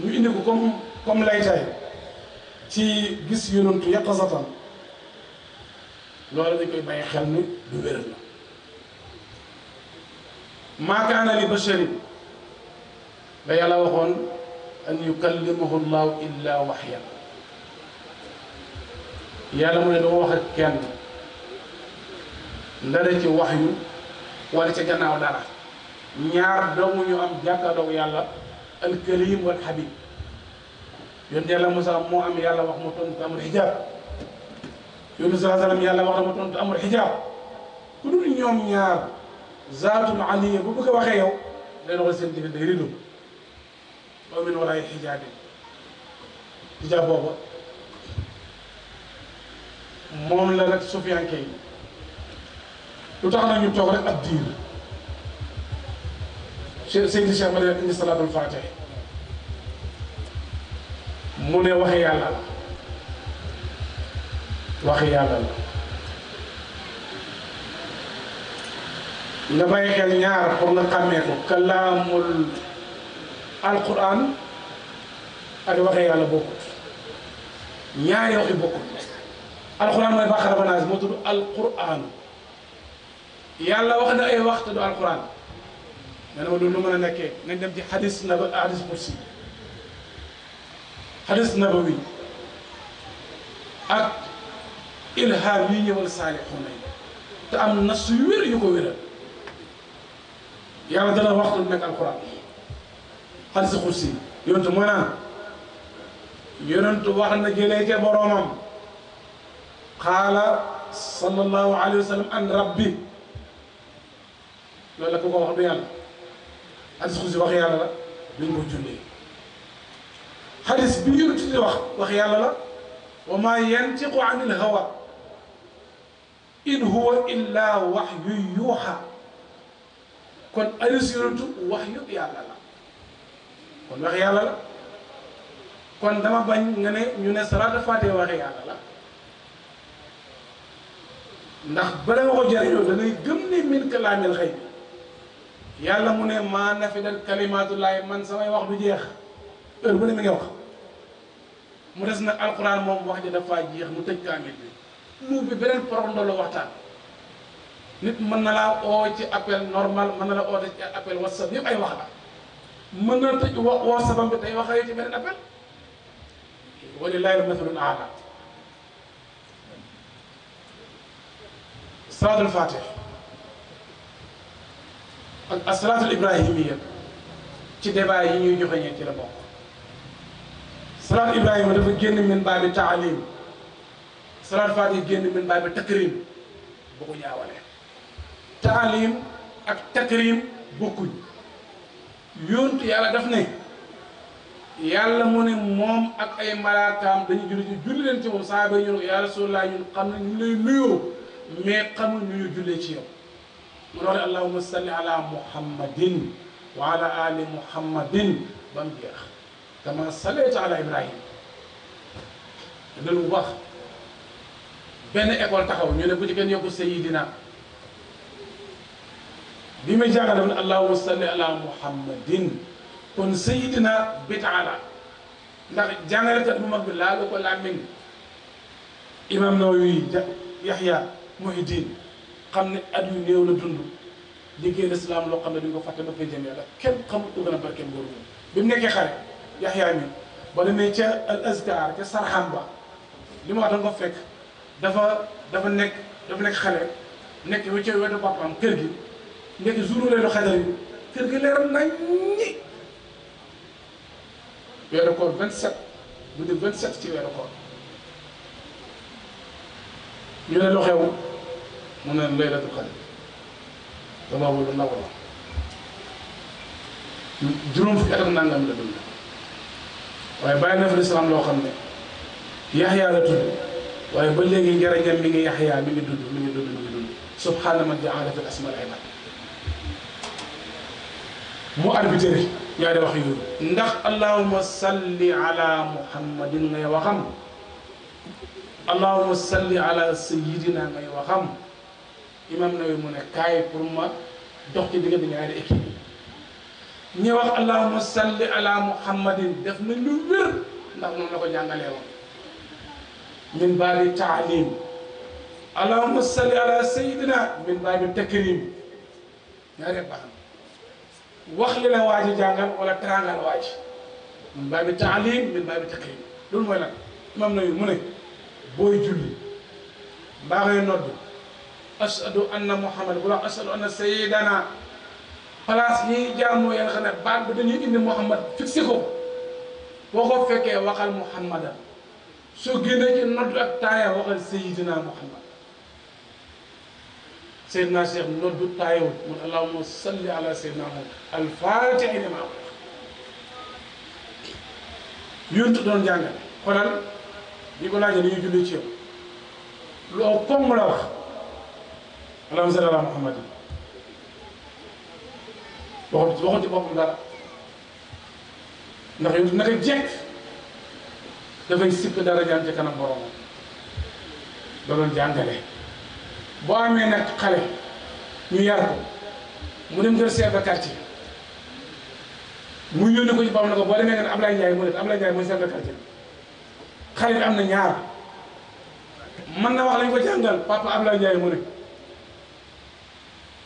ñu indi ko comme comme laytaay ci gis yonantu yàq satan loolu dañ koy bàyyi xel ni du wéral la maa kaana li basharin la yàlla waxoon an yukallimahu llahu illa waxyan yàlla mu ne dama wax ak kenn ndale ci wax yu wala ca gannaaw dara ñaar doomu ñu am jàkkaarloog yàlla alkalim wal habib yonent yàlla Musaa moo am yàlla wax mu tontu amul xijaab yonent saa salaam yàlla wax na mu tontu amul xijaab ku dul ñoom ñaar zaatun aliya bu bëgg a waxee yow day doxal seen diggante day rido ba min walaay xijaabin xijaab booba moom la nag sufiyanke yi lu tax nag ñu toog rek ab diir Cheikh Seydi Cheikh ma ne indi salaatul faatiha mu ne waxi yàlla la waxi yàlla la nga bàyyi xel ñaar pour nga xàmmee ko kalaamul alquran ak waxi yàlla bokkut ñaari waxi bokkut alquran mooy baqara ba naas moo tudd alquran yàlla wax na ay waxtu du alquran nga ne ma du lu mën a nekkee nañ dem ci xadis na ba xadis kursi xadis nabawi ak ilham yi ñëwal saalixuuna yi te am nas yu wér yu ko wéral yàlla dana waxtu du nekk alquran xadis kursi yonentu moo naan yonentu wax na jëlee ca boroomam qaala sallallahu alayhi wa sallam an rabbi loolu la ko ko wax du yàlla hadis xusi wax yàlla la duñ ko jullee hadis bi yonent di wax wax yàlla la wa maa yantiqu anil hawa in huwa illa waxyu yuuxa kon hadis yonent waxyu yàlla la kon wax yàlla la kon dama bañ nga ne ñu ne salaatu faatee wax yàlla la ndax bala nga ko jëriñoo da ngay gëm ne min kalaamil xëy yàlla mu ne maa nafidat kalimaatullaahi man samay wax lu jeex bu ne mi ngi wax mu des nag alquran moom wax ji dafa jeex mu tëj kaamil bi mu bi beneen porox ndoolu waxtaan nit mën na laa oo ci appel normal mën na la oo ci appel whatsapp yëpp ay wax la mën na tëj wo woo sabam bi tey waxee ci beneen appel walillaahi al-mathalul a'laa salaatul faatih ak asalatul ibrahimiya ci débat yi ñuy joxeñee ci la bokk salaat ibrahima dafa génn min baabi taalim salaat faati génn min baabi takrim ak takrim yàlla def ne yàlla mu ne moom ak ay malaakaam dañu julli ñu julli leen ci moom saaba ñu ne ko yaa rasulallah ñun xam ne ñu lay nuyoo mais xamuñ ñu ñu jullee ci yow mu doon allahuma salli ala muhammadin wa ala ali muhammadin ba mu jeex kama ibrahim loolu bu benn école taxaw ñu ne bu bi muy jàngale mu ne salli ala muhammadin kon sayidina bitaa la ndax jàngalekat bu mag bi laa lu ko làmmiñ imam Nawawi Yaxya Muhiddin xam ne at yu néew la dund liggéey lislaam loo xam ne duñ ko fàtte ba pénjam yàlla kenn xamul ko gën a barkeel ngóor moom bi mu nekkee xare yaxyaa mi ba demee ca al azkar ca sarxam ba li ma ko fekk dafa dafa nekk dafa nekk xale nekk wu ca wetu papaam kër gi nekk jour leenu xadar yi kër gi leeral nañ ñi weeru koor 27 bu di 27 ci weeru mu ne laylatul xadr damaa wóor ndaw la juróom fukki atam nangam la dund waaye bàyyi na fi lislaam loo xam ne yaxyaa la tudd waaye ba léegi njëriñam mi ngi yaxyaa mi ngi dund mi ngi dund mi ngi dund subhaana man jaala asmaa al ibaad mu arbitré ñaari wax yooyu ndax allahuma salli ala muhammadin ngay waxam allahuma salli ala sayidina ngay waxam imam Nawawi mu ne kaay pour ma dox ci diggante ñaari équipe yi wax allahuma salli ala muhammadin def na lu wér ndax noonu la ko jàngalee woon min baabi taalim allahuma min baabi takrim ñaari baax na wala teraangal waaji min baabi taalim min baabi takrim loolu mooy lan imam Nawawi mu ne booy julli mbaa ngay ashadu anna muhammad bu la ashadu dañuy indi muhammad fixé ko ko fekkee waxal muhammadan soo génnee ci nodd ak taaya waxal sayidina muhammad sayidina cheikh noddu taayawul mun allahuma salli ala sayidina muhammad alfaatixi li ma am yuntu doon jàngale xoolal ñi ko laajee dañuy ci yow loo komm la wax allahumma salli ala muhammad waxut waxut ci boppam dara ndax yow naka jekk dafay sipp dara jaan ci kanam boromam loolu boo amee nag xale ñu yar ko mu dem kër chef de quartier mu yónni ko ci boppam ne ko boo demee ngeen Ablaye Ndiaye mu ne Ablaye Ndiaye mooy chef de quartier xale bi am na ñaar mën na wax lañ ko jàngal papa Ablaye Ndiaye mu ne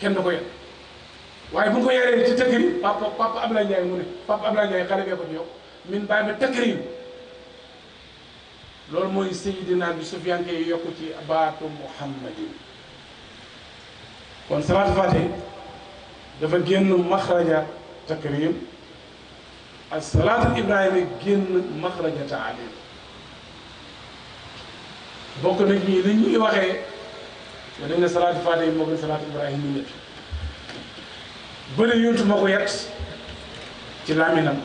kenn du ko yor waaye bu ñu ko yoree ci tëkkëri papa papa Abdoulaye Ndiaye a ne papa Abdoulaye Ndiaye xale bee ko ci yokk min bàyyi ma tëkkëri loolu mooy sayidina bi sufiyanke yokku ci baatu muhammadin kon salaatu fatiha dafa génn maxraja takrim ak salaatu ibrahima génn maxraja taalim bokk nañ ñi li waxe ma dem ne salaatu faate yi moo gën salaatu ibrahim yi ñett bëri moo ko yet ci laaminam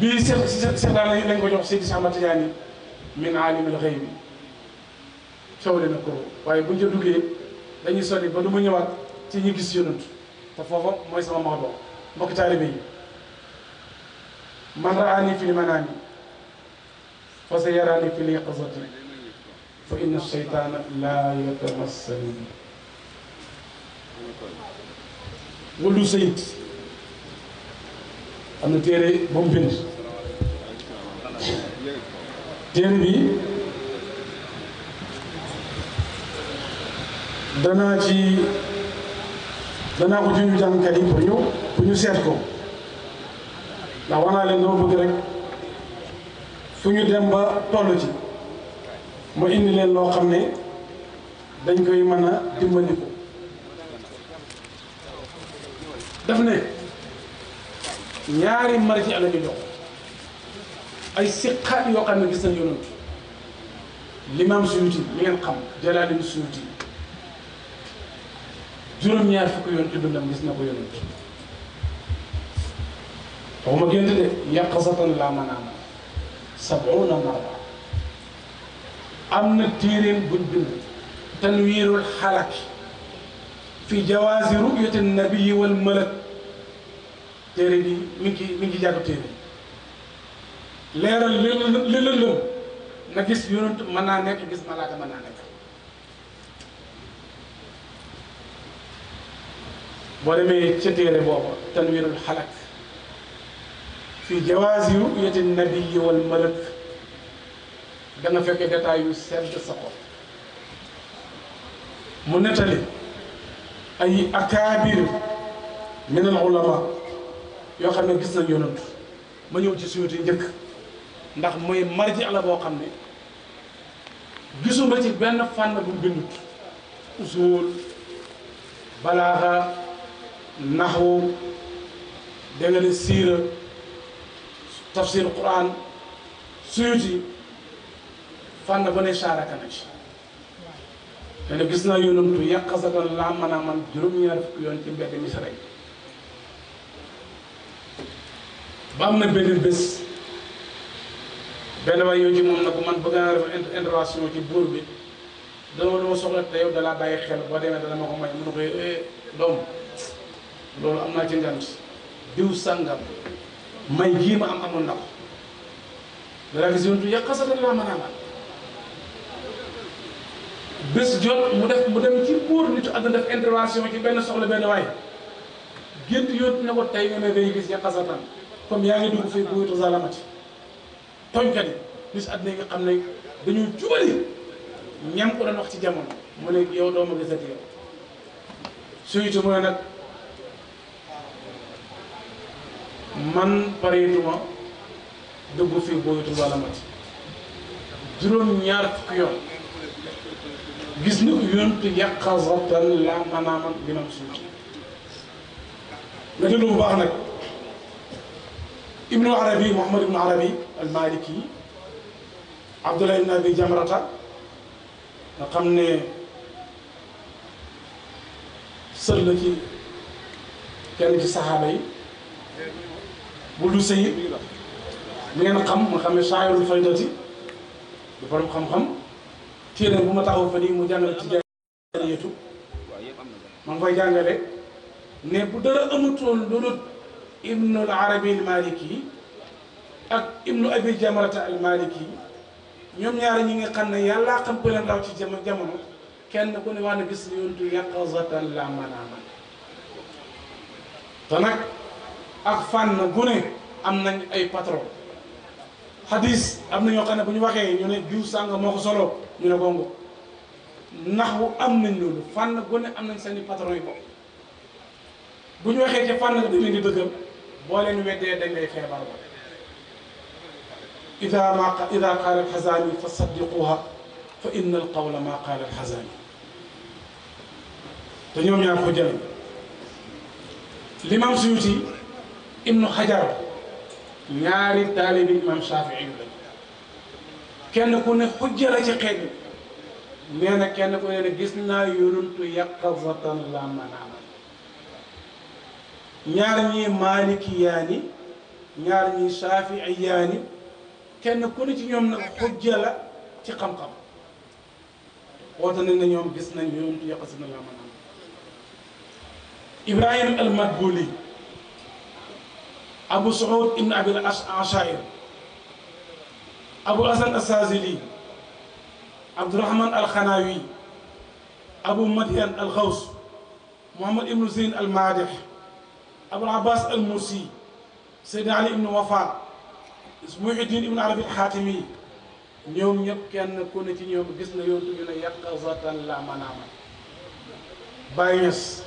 bii seex seex daana yi lañ ko jox Seydi Ahmad Tijaani min aalimil xëy bi soowle waaye buñ ca duggee dañuy sori ba du ma ñëwaat ci ñi gis yonent te mooy sama max doo mbokk taalibe yi man raani fil manaami fa sa yaraani fil yaqazati fa inna seytaana laa yatamassal wullu sayid am na téere ba mu bi danaa ci danaa ko junj jàngkat yi pour ñu pour seet ko ndax wax naa leen dama bëgg rek fu ñu dem mu indi leen loo xam ne dañ koy mën a dimbaliku daf ne ñaari marji ala ñu jox ay siqaat yoo xam ne gis nañ yonent limaam suyuti mi xam jalaalim suyuti juróom-ñaar fukk yoon ci dundam gis na ko yonent ma gént de yàq satan laa manaam sabuuna marra am na téeréem buñ bind tanwiirul xalaki fi jawaazi ruyati nabii wal malak téere bi mi ngi mi ngi jàggu téere leeral li lëndëm nga gis yonent mën naa nekk gis malaaka mën naa nekk boo demee ca téere boobu tanwiirul xalak fi jawaazi ruyati nabii wal malak dana fekk détail yu sedd sa xol mu nettali ay akaabir min al ulama yoo xam ne gis nañ yonent ma ñëw ci suyuti njëkk ndax mooy marji ala boo xam ne gisuma ci benn fànn bu bindut usul balaaxa naxwu dégg nga siira tafsir quran suyuti fànn ba ne saaraka na ci te gis naa yonantu yàqasakal laa mën a man juróom-ñaar fukki yoon ci mbedd misra ba am na benn bés benn waay yow ci moom na ko man bëgg naa def intervention ci buur bi dama dama soxla te yow dalaa bàyyi xel boo demee dana ma ko may mun na koy eh, eh, doom loolu am naa ci diw sàngam may gii ma am amoon na ko dalaa gis yonantu yàqasakal laa mën a man bés jot mu def mu dem ci buur nitu àdduna def intervention ci benn soxla benn waay gént yóot na ko tey nga ne day gis ya xasatan comme yaa ngi dugg fii buyutu zalamati tooñkat yi bis àdduna yi nga xam ne dañoo jubali ñam ko doon wax ci jamono mu ne yow ma gisati yow suyutu mu nag man pareetuma dugg fii buyutu zalamati juróom ñaar fukki yoon gis na yonent yaqazatan la manaaman ginam suuf nga déglu bu baax nag ibnu arabi mohamad ibnu arabi almaliki abdullah ibn abi jamrata nga xam ne sër la ci kenn ci saxaaba yi bu du mi ngeen xam nga xam ne saayirul faydati du borom xam-xam téere bu ma taxaw fa nii mu jàngale ci jaariyatu ma ngi koy jàngale ne bu dara amutoon lu dul ibnul arabi al ak ibnu abi jamarata al maliki ñoom ñaari ñi nga xam ne yàllaa xam ku leen raw ci jamono kenn ku ne wax bis gis yontu yaqazatan la manaaman te nag ak fànn gu ne am nañ ay patron xadis am na ñoo xam ne bu ñu waxee ñu ne diw sàng moo ko solo ñu ne gongo naxwu am nañ loolu fànn gone am nañ seeni patron yi bu ñu waxee ca fànn dañ leen di dëggal boo leen weddee dañ lay feebar ba ida ma ida qaala alxazaani fa saddiquha fa inna alqawla ma qaala alxazaani te ñoom ñaar ko jël l'imam suyuti ibnu xajar ñaari taalibi imam Shafii la kenn ku ne xujja la ci xeet bi kenn ku ne gis naa yonantu yaqazatan la manaaman ñaar ñii maalikiyaani ñaar ñii shaafiiyaani kenn ku ne ci ñoom nag xujja ci xam-xam woote nañ ñoom gis nañ yonantu yaqazatan la manaaman Ibrahim al abu suud ibn abil ashair abu hasan asazili abdurahman alxanawi abu madian alxaws muhammad ibnu zeyn almaadix abul abbas almursi seyd ali ibnu wafa muhiddin ibnu arabi alxaatimi ñoom ñëpp kenn ku ne ci ñoom gis na yontu ñu ne yaqazatan la manaama bàyyi ñes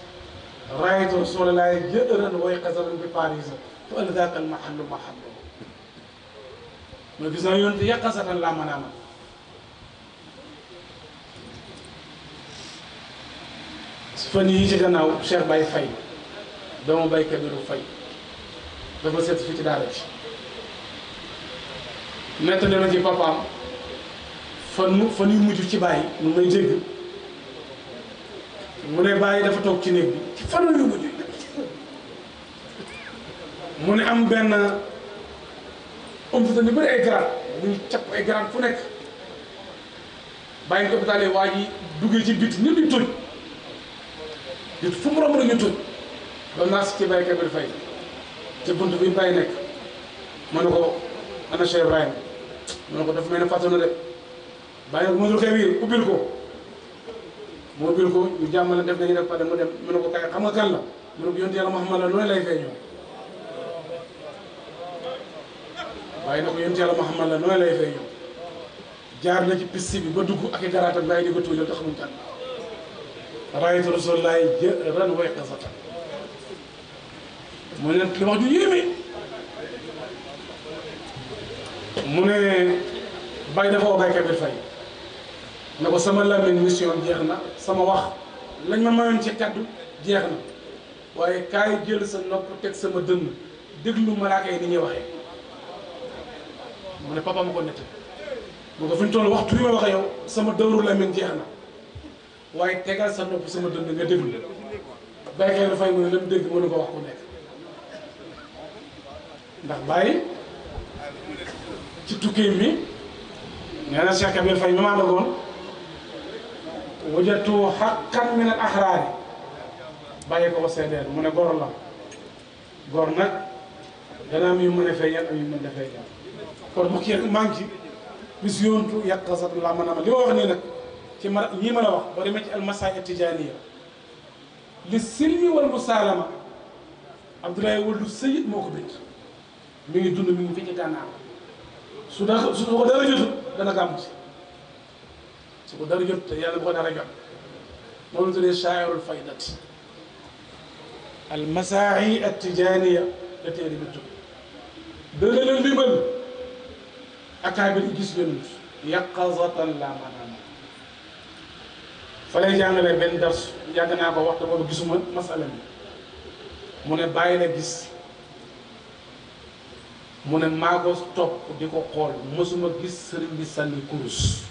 raytu rasulallahi jëran way xasalan bi parisa wala zaaka lu mahallu mahallu ma gis naa yoon te yaqasatan laa mën a amal fan yii ci gannaaw Cheikh Baye Faye doomu Baye Kabiru Faye dafa set fii ci daara bi nettali na ci papaam fan fan yu mujj ci bàyyi mu may dégg mu ne bàyyi dafa toog ci néeg bi ci fan yu mujj mu ne am benn homme ñu bëri ay grade ñu capp ay grade fu nekk bàyyi ko hôpital waa ji duggee ci biti ñëpp ñu toj nit fu mu romb ñu toj ba naa si ci bàyyi kabir fay ci bunt bi bàyyi nekk ma ne ko ana Cheikh Ibrahima ma ne ko dafa mel ne fàtte na de bàyyi ko ubbil ko mu ubbil ko ñu jàmmale def nañu def pare ko kaay xam nga kan la mu ne ko yonte yàlla Muhammad la lu ne lay feeñoo waaye na ko yonent ma Muhammad la nooy lay fay jaar na ci piste bi ba dugg ak i garaatam bàyyi di ko tuujal te xamul kan raaytu rasulullahi jëran way qasatan mu ne li wax ju mu ne bay dafa woo ko sama làmmiñ mission jeex na sama wax lañ ma mayoon ci kaddu jeex na waaye kaay jël sa nopp teg sama dënn déglu malaaka yi ni ñuy waxee mu ne papa ma ko nett mu nga fi ñu toll waxtu bi ma wax yow sama dëwru lamin jeex na waaye tegal sa nopp sama dënd nga déglu béykat dafay ko wax ci tukki mi nee na Cheikh Kabir Faye ko ko mu ne góor la góor nag dana am yu mën a feeñal am yu mën a kon bu kii maa ngi ci bis yontu yàqasat laa mën a ma li ma wax nii nag ci ma ñii ma la wax ba demee ci almasail tijaaniya li silmi wal musaalama Abdoulaye Wulu Seyid moo ko bind mi ngi dund mi ngi fi ci gànnaar su da su ko dara jotut dana gàmm si su ko dara te yàlla bu ko dara jot moom la tuddee chaayirul faydati almasail tijaaniya la téere bi tudd dana la limal attaay ba ñu gis yonent yaqazatan la manama fa lay jàngale benn dars yàgg naa ko wax te boobu gisuma masala bi mu ne bàyyi la gis mu ne maa topp di ko xool mësuma gis sëriñ bi kurus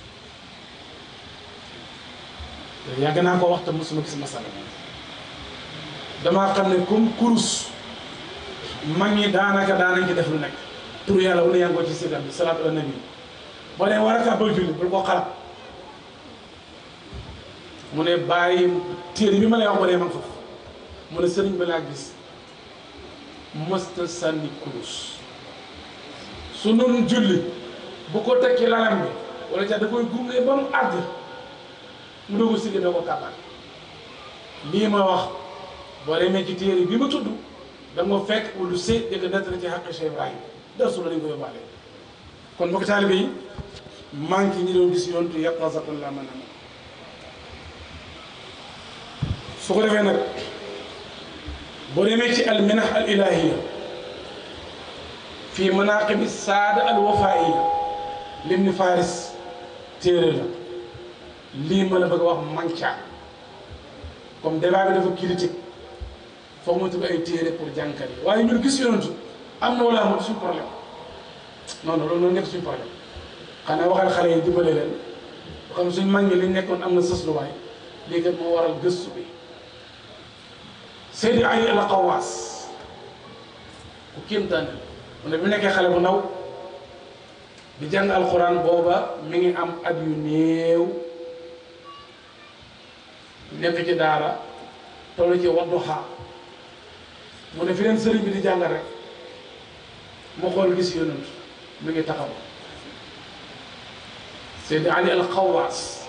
yàgg naa ko wax te mësuma gis masala damaa xam ne comme kurus mag yi daanaka daanañ ci def lu nekk pour yàlla wala yaa ngi ko ci sigal bi salaatu ala nabi boo nee war a kaa bëgg julli bul ko xalaat mu ne bàyyi téere bi ma lay wax ba dee man foofu mu ne sëriñ bi laa gis mësta sànni kurus su noonu julli bu ko teg ci lalam bi wala ca da koy gunge ba mu àgg mu dugg si doo ko kàbbar lii ma wax boo demee ci téere bi ma tudd da fekk wala lu see dégg nga nekk na ci xàq Cheikh Ibrahima. darsu la dañ ko yóbbaale kon mbokk taalibe yi manque ñi doon gis yoon tu yaqazatan la man ama su ko defee nag boo demee ci al minah al ilahiya fii manaqibi saada al wafaiya lim ni faris téere la lii ma la bëgg wax manca comme débat bi dafa critique foog ma tudd ay téere pour jànkat yi waaye ñun gis yonantu am na wala amul suñu problème non non loolu noonu nekk suñu problème xanaa waxal xale yi dimbale leen comme suñ mag ñi liñ nekkoon am na sësluwaay lii kat moo waral gëstu bi Seydi Ali al Qawaas ku kéemtaan mu ne bi nekkee xale bu ndaw di jàng alxuraan booba mi ngi am at yu néew nekk ci daara toll ci wadduha mu ne fi leen sëriñ bi di jàng rek mu xool gis yonent mi ngi taxaw Seydi Ali al Xawaas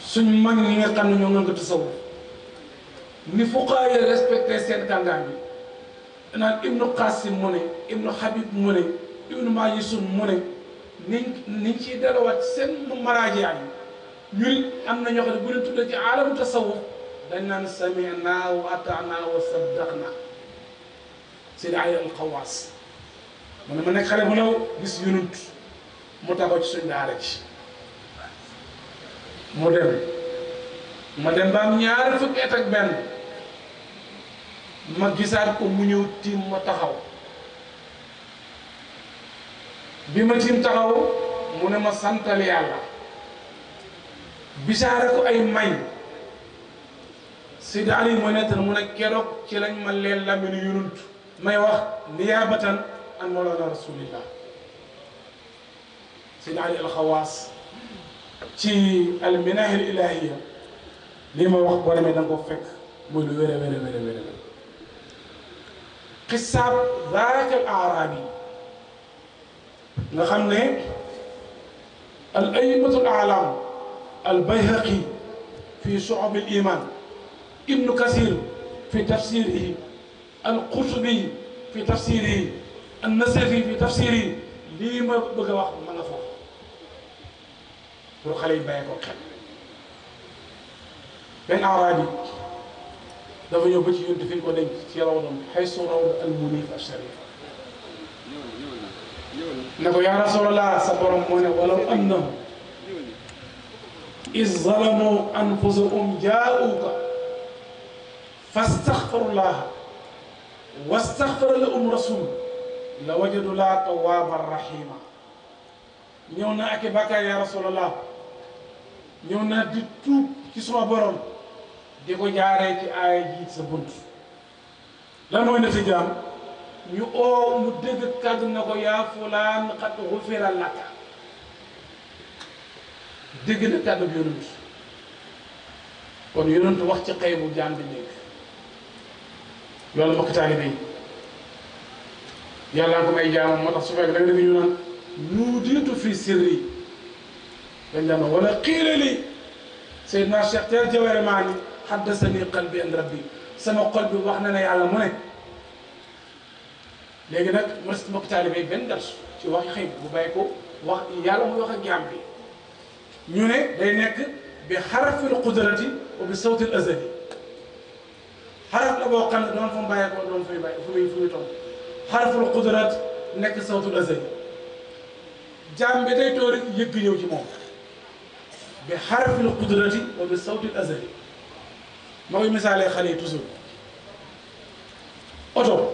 suñ mag ñi nga xam ne ñoo ngëngatu tasawuf ni fuqaayee respecté seen kàngaam bi naan ibnu Qasim mu ne ibnu Habib mu ne ibnu Mayisun mu ne niñ niñ ciy dalawaat seen maraaja yi ñun am na ñoo xam ne bu ñu tuddee ci aalamu tasawuf dañ naan sami'naa wa ata'naa wa saddaqnaa Seydi Ali al Xawaas mu ne ma nekk xale bu ndaw gis yonent mu taxaw ci suñ daara ji mu dem ma dem ba am ñaari fukki at benn ma gisaat ko mu ñëw tiim ma taxaw bi ma tiim taxaw mu ne ma santal yàlla bisaare ko ay may Seydi Ali nekk nettal mu ne keroog ci lañ ma leen laminu yonent may wax niyaabatan an mawlana rasulillah sëñ ali alxawaas ci alminahil ilahiya lii ma wax boo demee da nga ko fekk muy lu wér a wér a wér a wér a xisaab zaaka al aaraabi nga xam ne al aymatul aalam al bayhaqi fi shu'ab al iman ibnu kasir fi tafsirihi alqurtubi fi tafsiri annasafi fi tafsiri lii ma bëgg a wax ma nga foofu pour xale yi bàyyi ko xel benn araab yi dafa ñëw ba ci yónni fi ñu ko denc ci rawdam xaysu rawd al munif al sharif ne ko yaa rasulallah sa borom moo ne walaw annahum iz zalamu anfusahum jaauka fastaxfarullaha wastaxfara lahum rasul la wajadu laa tawaaban rahima ñëw naa ak i bàkkaar ya rasulallah ñëw naa di tuub ci suma borom di jaaree ci aaya ji sa bunt lan mooy na ñu oo mu dégg kàddu na ko yaa fulaan xat xufira laka dégg na kàddu bi yonent kon yonent wax ci xëy bu jaam bi léegi loolu mbokk taalibe yi yàllaa ko may jaamu moo tax su fekk da ñu naan nuudiitu fii sirri dañ daan wala xiila li Seydina Cheikh teel jawere maa ni haddasani qalbi an rabbi sama xol bi wax na ne yàlla mu ne léegi nag mu des taalibe yi benn dars ci wax xëy bu bàyyi ko wax yàlla muy wax ak jaam ñu ne day nekk bi xarafil qudrati wa bi sawtil azali xaraf la boo xam ne doon nekk sawtul azali jaam bi day toog rek yëgg ñëw ci moom bi xarafil qudrati wa bi sawtil azali ma koy misaalee xale yi toujours oto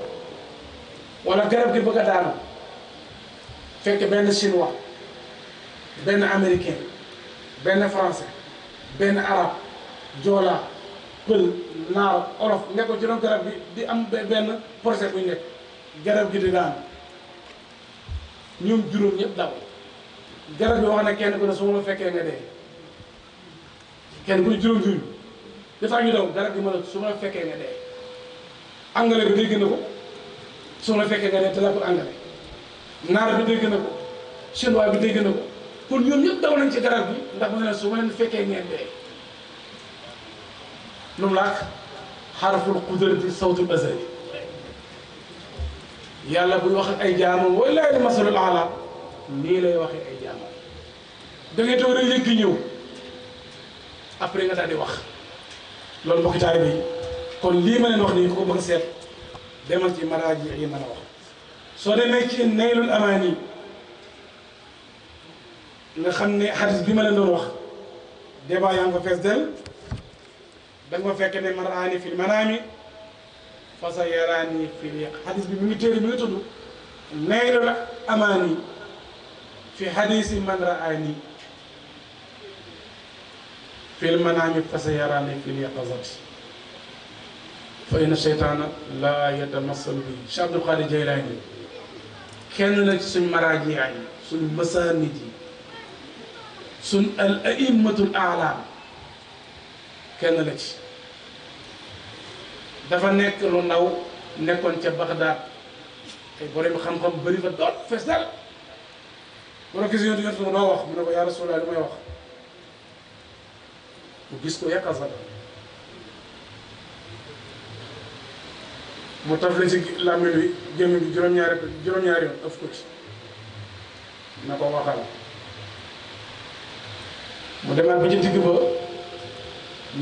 wala garab gi bëgg a daanu fekk benn chinois benn américain benn français benn arabe joola pël naar olof nekkoon ci doon garab bi di am benn projet bu ñu nekk garab gi di daan ñoom juróom ñëpp daw garab bi wax ne kenn ku ne su ma fekkee nga kenn ku ne juróom juróom dafa ñu daw garab gi mën a fekkee nga dee angale bi dégg na ko su ma fekkee nga dee te laa ko angale naar bi dégg na ko chinois bi dégg na ko pour ñoom ñëpp daw nañ ci garab bi ndax mu ne su ma leen fekkee ngeen dee nu mu làkk xarful qudrati sawtul azali yàlla buy wax ak ay jaamam wallaahi masalul ala nii lay waxee ay jaamam da ngay toog rek yëgg ñëw après nga daal di wax loolu mbokki taalibe yi kon lii ma leen wax nii ku ko seet demal ci maraaji yi mën a wax soo demee ci naylul amaani nga xam ne xadis bi ma leen doon wax débat yaa ngi ko fees del da nga ma fekk ne man aani fil manaami fa sa yaraani fil yaq xadis bi mu ngi téere bi nga tudd naylul amaani fi xadisi man raani fil manaami fa sa yaraani fil yaqazati fa inna seytaana laa yatamassalu bi Cheikh Abdul Xaadir Jaylaani kenn la ci suñ maraaji yi suñ masaanid yi suñ al aimmatul aalaam kenn la ci dafa nekk lu ndaw nekkoon ca Bagdaad te borom xam-xam bëri fa doon fees dal mu ne gis yonent bi doo wax mu ko yaa Rasulallah lu may wax mu gis ko yàqal sa dal mu taf la ci làmmiñ wi gémmiñ bi juróom-ñaari juróom-ñaari yoon ëf ko na ko waxal mu demaat ba ci digg ba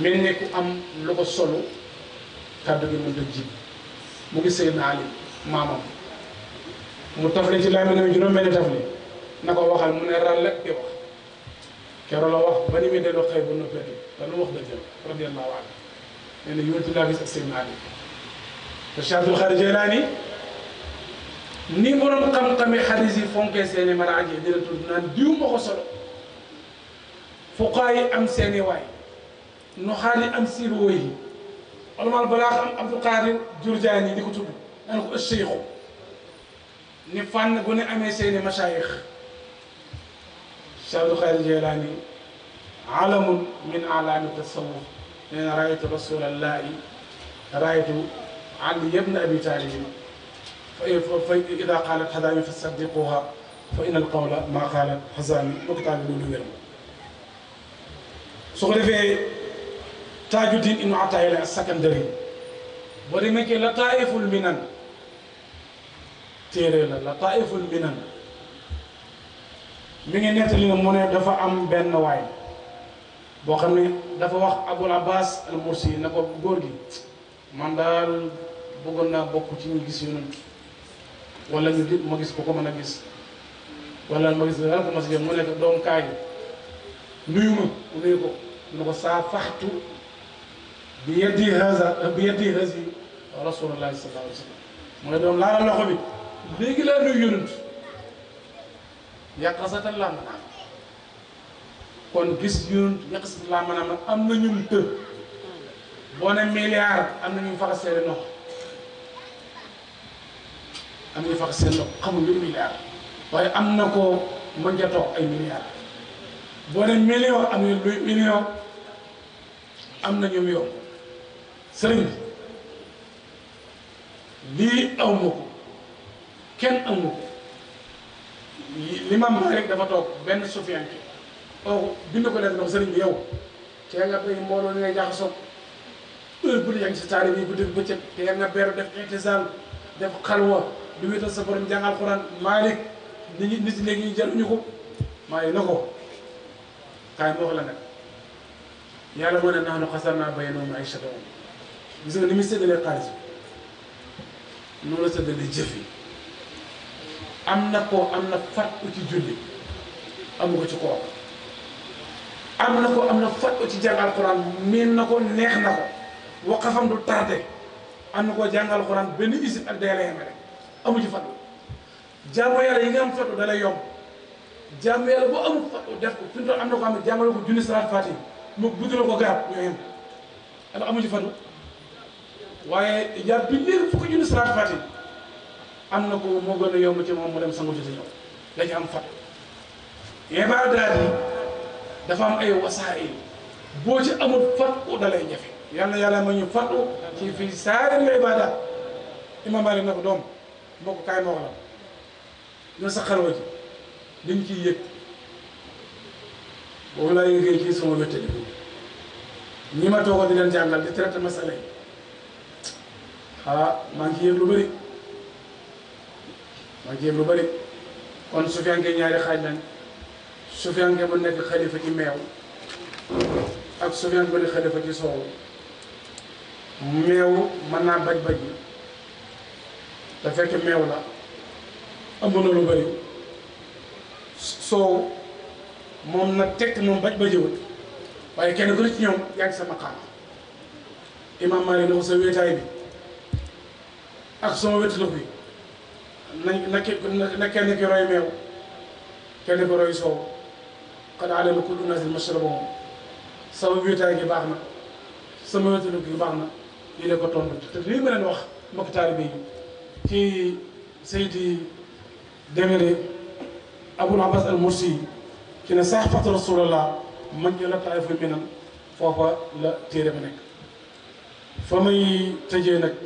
mel ne ku am lu ko solo kàddu gi mënut a ji mu ngi Seydina Ali maamam mu tafle ci làmmiñam juróom-benni tafle na ko waxal mu ne ral rek wax keroog la wax ba ni muy delloo xëy ba noppeetu te lu wax dëgg la radiyallahu anhu nee na yónni laa gis ak Seydina Ali te Cheikh Abdul Xaadir Jeylaani ni xam-xami xadis yi fonkee seeni maraaj yi dina tudd naan diw ma ko solo fuqaa yi am seeni waay. nuxaani am siir wooyi olomal balaa xam Abdou Qadir Jurjaani yi di ko tudd dana ko ëseyxu ni fànn bu ne amee seeni masaayix Cheikh Abdou Qadir Jeylaani alamun min alaami tasawuf nee na raaytu rasulallahi raaytu Ali ibn Abi Talib fa ida qaalat xazaami fa saddiquha fa inna al qawla maa qaalat xazaami bokk taal bi loolu wér su ko defee Taajuddin ibnu Ataayillah Sakandari boo demee ci Lataaiful Minan téere la Lataaiful Minan mi ngi nettali ne mu ne dafa am benn waay boo xam ne dafa wax Abul Abbas al Mursi na ko góor gi man daal bëggoon naa bokk ci ñu gis yonent wala ñu di ma gis ko ko mën a gis wala ma gis dara ko ma si mu nekk doom kaay nuyu ma nuyu ko nu ko saa bi yeddi haza bi yeddi hazi rasulullahi sallallahu alayhi wa sallam mooy doom laala bi léegi laa nuyu yonent yaqasatan laa kon gis yonent yaqasatan laa am na ñum të boo ne milliard am na ñu faxa seen nox am nañu faxa seen nox xamul lu milliard waaye am na ko mën ja ay milliard boo ne million am na luy million sëriñ lii aw ma kenn aw ma li ma mën dafa toog benn sufiyaan ki oo bind ko leen ndax sëriñ bi yow tee nga béy mbooloo ni nga jaxasoo heure bu yaa ngi si taari bi guddi bëccëg tee nga beeru def intisal def xalwa du wéetal sa borom jàng alxuraan maalik nit ñi nit léegi jaruñu ko maa yi na ko kaay ma wax la nag yàlla moo ne nahnu xasarnaa baynahum ma'ishatahum gis nga ni muy séddalee xaalis bi noonu la séddalee jëf yi am na ko am na fàttu ci ko ci koor am na ko am na fàttu ci jàng alxuraan miin na ko neex na ko waqafam du tardé am na koo jàngal alxuraan benn usine ak day ci fàttu jaamu yi nga am fàttu da lay yomb jaamu yàlla boo amul fàttu def ko am na ko am ne jàngale ko junni salaat faati mu buddi la ko garab ñoo yem dafa amu ci fàttu waaye jaar bi léegi fukki junni salaat fàtte am na ko moo gën a yomb ci moom mu dem sangu ci ñëw am fat ibaadaat yi dafa am ay wasaare boo ci amul fatu da lay jafe ma na ko doom boo ko kaay ma wax la sa xalwa ji li ñu ciy yëg di leen jàngal ah maa ngi ci yëg lu bëri maa ngi ci yëg lu bëri kon sufiyanke ñaari xaaj lañ sufiyanke bu nekk xalifa ci meew ak sufiyanke bu nekk xalifa ci soow meew mën naa baj baj yi te la ëmb lu bëri soow moom nag tekk moom baj bajiwut kenn ku ne ci ñoom yaa sama xaar imaam Maalik ne ko sa wéetaay bi ak sama wetu loxo yi na kenn na kenn ki roy meew kenn ko roy soow xad alima kullu nasin mashrabahum sama wéetaay gi baax na sama wetu loxo baax na lii la ko tontu te lii ma leen wax mbokk taalibe yi ci Seydi Degere Abul Abbas al Mursi ci ne sax fat rasulallah man ñu la taayifa minan foofa la nekk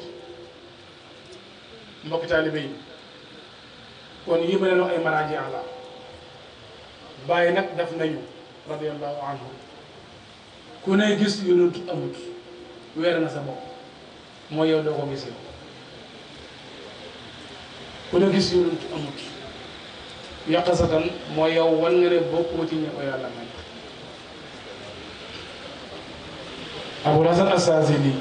mbokk taalibe yi kon yi ma leen wax ay maraaji la bàyyi nag def nañu radiyallahu anhu ku ne gis yonent amut weer na sa bopp mooy yow doo ko gis ku ne gis yonent amut yaqasatan mooy yow wan nga ne bokkoo ci ñi yàlla may Abul Hasan Assaazili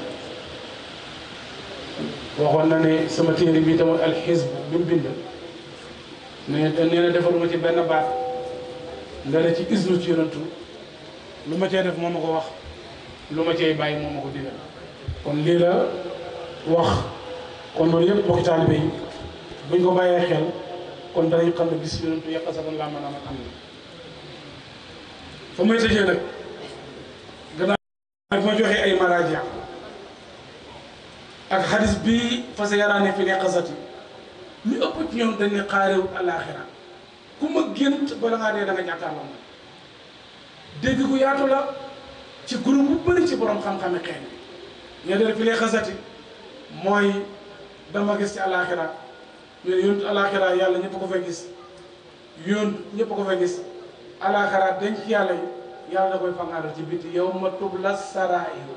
waxoon na ne sama téere bi tamit alxisb bi mu bind ne nee na defaruma ci benn baat ndara ci isnu ci lu ma cee def moom ma ko wax lu ma ci bàyyi moo ma ko digal kon lii la wax kon loolu yëpp mbokki taalibe buñ ko bàyyee xel kon danañ xam ne bis yonantu yàq sa ban laa mën a am am na fa may tëjee nag gannaaw bi ma joxee ay maraaji ak xadis bi fa sa yaraane fi ne xasati ñu ëpp ci ñoom dañ ne xaaréwul àllaaxira ku ma gént bala ngaa dee da nga jàkkaarloo ma dégg gu yaatu la ci groupe bu bëri ci borom xam-xame xeet bi ñe deen fi ne xasati mooy dama gis ci àllaaxira ñu ne yóntu yàlla ñëpp ko fa gis yóntu ñëpp ko fa gis àllaaxira denc yàlla yi yàlla da koy fangaaral ci biti yow ma tub la saraayu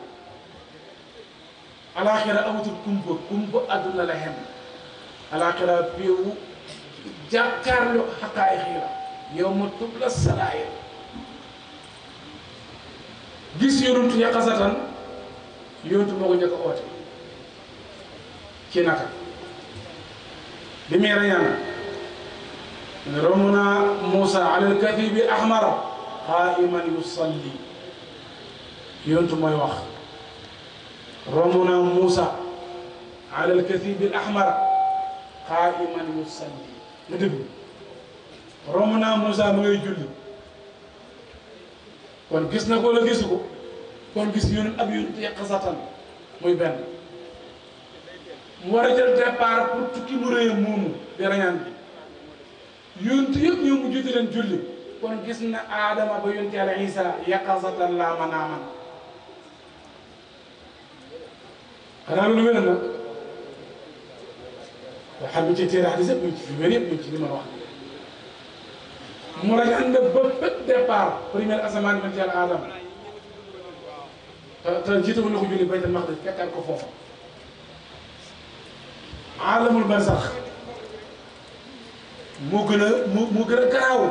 alaaxira amatul kumpa kumpa àdduna la xem alaaxira péewu jàkkaarlu xaqaay xiira yow ma salaayir gis yonent ya xasatan moo ko njëkk a oote ci naka bi muy rañaan romna Moussa ala alkatibi ahmar qaiman yusalli mooy wax romb naa Moussa alal kathibi al ahmar qaiman yusalli nga déglu romb naa Moussa mu ngay julli kon gis na la gisu ko kon gis yoonu ab yoonu yaqasatan muy benn mu war a jël départ pour tukki mu rëy moomu di rañaan bi yontu yëpp ñoo mu jiite leen julli kon gis na Adama ba yontu yàlla Isa yaqasatan laa mën naa xanaa loolu wér na nga ci téere xadis yëpp wax mu rañan nga ba bët départ asamaan man ci yàlla aadama te jiitawu na ko julli baytal maqdis fekkaat ko foofu aalamul barsax moo gën a moo gën a garaaw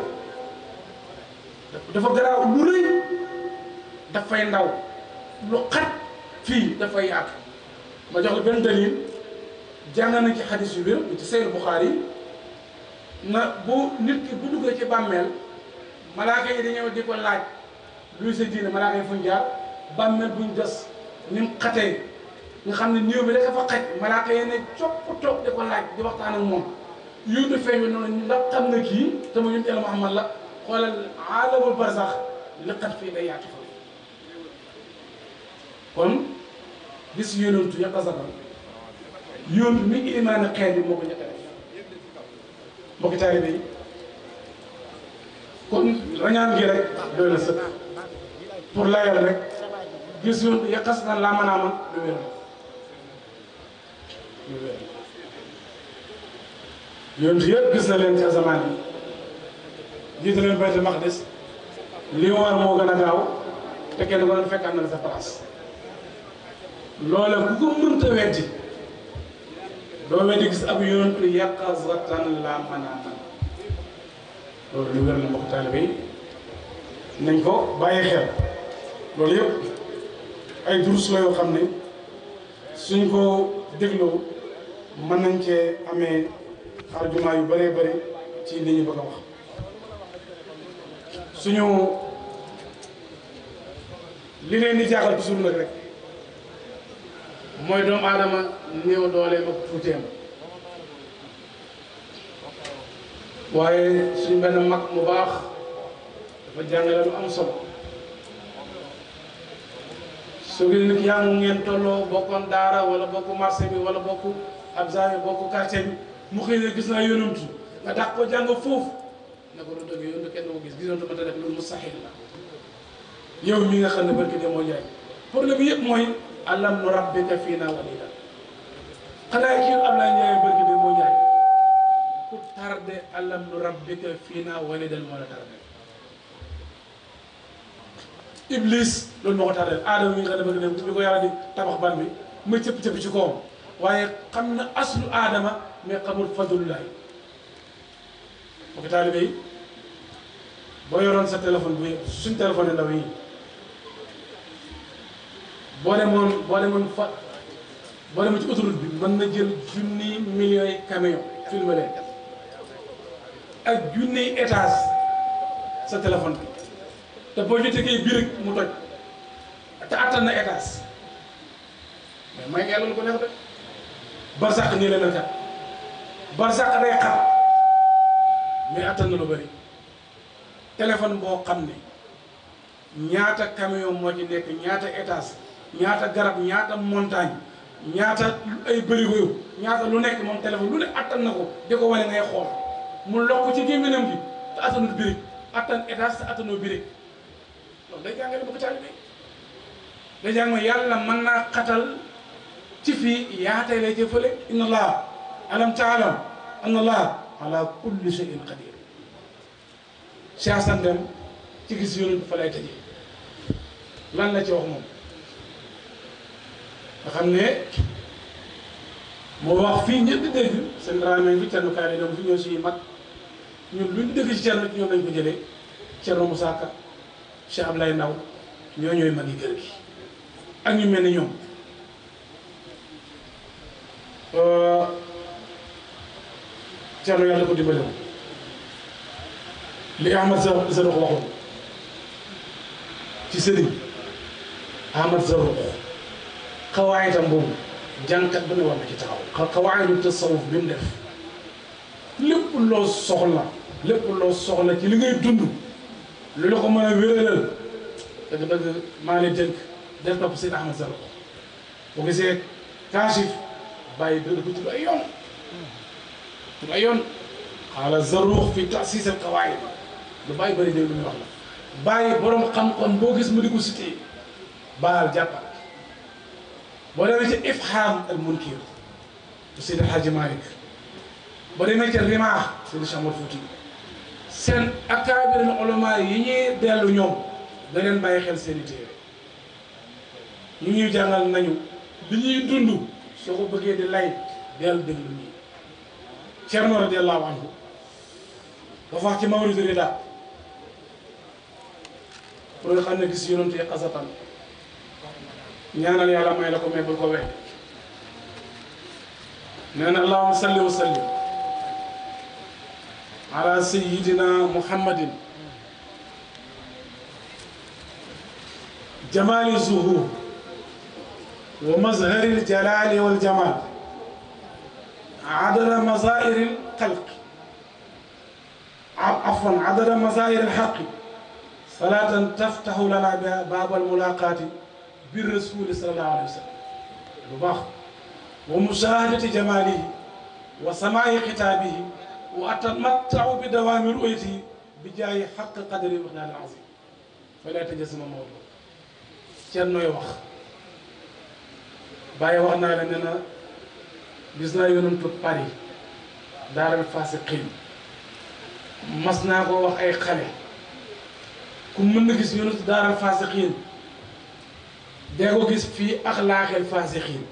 dafa garaaw lu rëy dafay ndaw lu xat fii dafay yaatu ma jox la benn dalil jàng na ci xadis yu wér ci Sahih Bukhari na bu nit ki bu duggee ci bàmmeel malaaka yi dañoo di ko laaj luy sa diine malaaka yi fuñ bàmmeel buñ des ni mu nga xam ne néew bi dafa fa xaj malaaka yi ne di ko laaj di waxtaan ak moom yu du feeñu noonu ndax xam na kii te mu yónni Yàlla Muhammad la xoolal aalamul barzax li xat fii day yaatu fa kon gis yónantu yàq sabal yónantu mi ilimaana xeet bi moo ko njëkk a def yi kon rañaan gi rek doy na sëkk pour layal rek gis yónantu yàqas na laa mën a amoon du wér gis na leen ci asamaan yi jiite leen baytul maqdis li war moo gën a gaaw te kenn ku ne fekk am na sa place. loola ku ko mënta weddi doo weddi gis ab yonent yaqazatan la manata loolu lu wér la mbokk taalibe yi nañ ko bàyyi xel loolu yëpp ay durus la yoo xam ne suñ ko dégloo mën nañ cee amee argument yu bëree bëri ci li ñu bëgg a wax suñu li leen di jaaxal toujours nag rek mooy doomu aadama néew dooleem ak tuuteem waaye suñ benn mag mu baax dafa jàngale lu am solo su ngeen nit yaa ngeen tolloo bokkoon daara wala bokku marché bi wala bokku absa bi bokku quartier bi mu xëy na gis naa yonantu nga dàq ko jàng foofu na ko doon dëgg yonantu kenn ko gis gisoon dama te def loolu mustahil la yow mi nga xam ne barki demoo jaay problème yëpp mooy alam nurabbika fiina walida xanaa kii Ablaye Ndiaye barki bi moo ñaay ku tardé alam nurabbika fiina walidan moo la tardé Iblis loolu moo ko tardé aadama mi nga xam ne bëgg nañ bi ko yàlla ci kawam waaye xam na aslu aadama mais xamul fadlullahi mbokk taalibe yi boo yoroon sa téléphone bu suñ téléphone yu ndaw yi. boo demoon boo demoon fa boo demoon ci autoroute bi mën na jël junni millions yi camion ak junni étage sa téléphone bi te boo jotee kay biir rek mu toj te attan na étage may nga lu ko neex de barsàq nii la mel kat barsàq day xar mais attan na lu bëri téléphone boo xam ne ñaata camion moo ci nekk ñaata etaas ñaata garab ñaata montagne ñaata ay bërigo ñaata lu nekk moom téléphone lu ne attan na ko di ko wane ngay xool mu lokk ci gémminam bi te attanul birig attan étage te attanoo birig loolu day jàngale bëgg taalibe day jàng yàlla mën naa xatal ci fii yaatay lay ca fële inna allah alam taalam anna allah ala kulli shay'in qadir si asandem ci gis yonent fa lay tëjee lan la ci wax moom xam ne moo wax fii ñëpp dégg seen raamee bi Thierno Kairé ñoom fi ñoo suñu mag ñun luñ dégg ci Thierno ñoom lañ ko jëlee Thierno Moussa Ka Cheikh Ablaye Ndaw ñoo ñooy magi kër gi ak ñu mel ni ñoom euh, Thierno yàlla ko dimbale woon li Ahmad Zarouk waxoon ci sëriñ Ahmad Zarouk xawaayidam boobu jànkat bu ne war na ci taxaw xawaayidu tasawuf bi mu def lépp loo lépp loo soxla ci li ngay dund lu la ko mën a wéralal dëgg-dëgg maa ngi dénk def topp Seydi Ahmad Zara boo gisee kaasif bàyyi dëgg ko tudd fi tasis al qawaid lu bàyyi bëri dégg lu muy wax la bàyyi borom xam-xam boo gis mu di ko cité baal jàppal boo demee ca ifham al munkir Seydi Hadji Malick boo demee ca rimaax Seydi Chamar Fouti seen akaabir ulama yi ñuy dellu ñoom da leen bàyyi xel seen i téere ñu ñuy jàngal nañu li ñuy dund soo ko bëggee di lay del déglu ñii Cerno radiallahu anhu dafa wax ci Mawridu Rida pour nga xam ne gis yonent yi xasatan ñaanal yàlla may la ko mais bul ko wedd nee na allahuma salli wa sallim ala sayidina muhammadin jamali zuhur wa mazharil jalali wal jamal adada mazairil xalqi afwan adada mazairil xaqi salatan taftahu lana biha baabal mulaqaati bi rasuli sallallahu alayhi wa sallam lu baax wa mushahadati jamalihi wa samaai xitaabihi wa bi dawaami ru'yatihi bi jaayi xaq qadari wax daal azim fa laa tëjee sama Maodo ceeb nooy wax bàyyi wax naa la ne na gis naa yonantu Paris daaral fasiqiin naa ko wax ay xale ku mën na gis yonantu daaral fasiqiin da ko gis fii axlaaxil faasixiin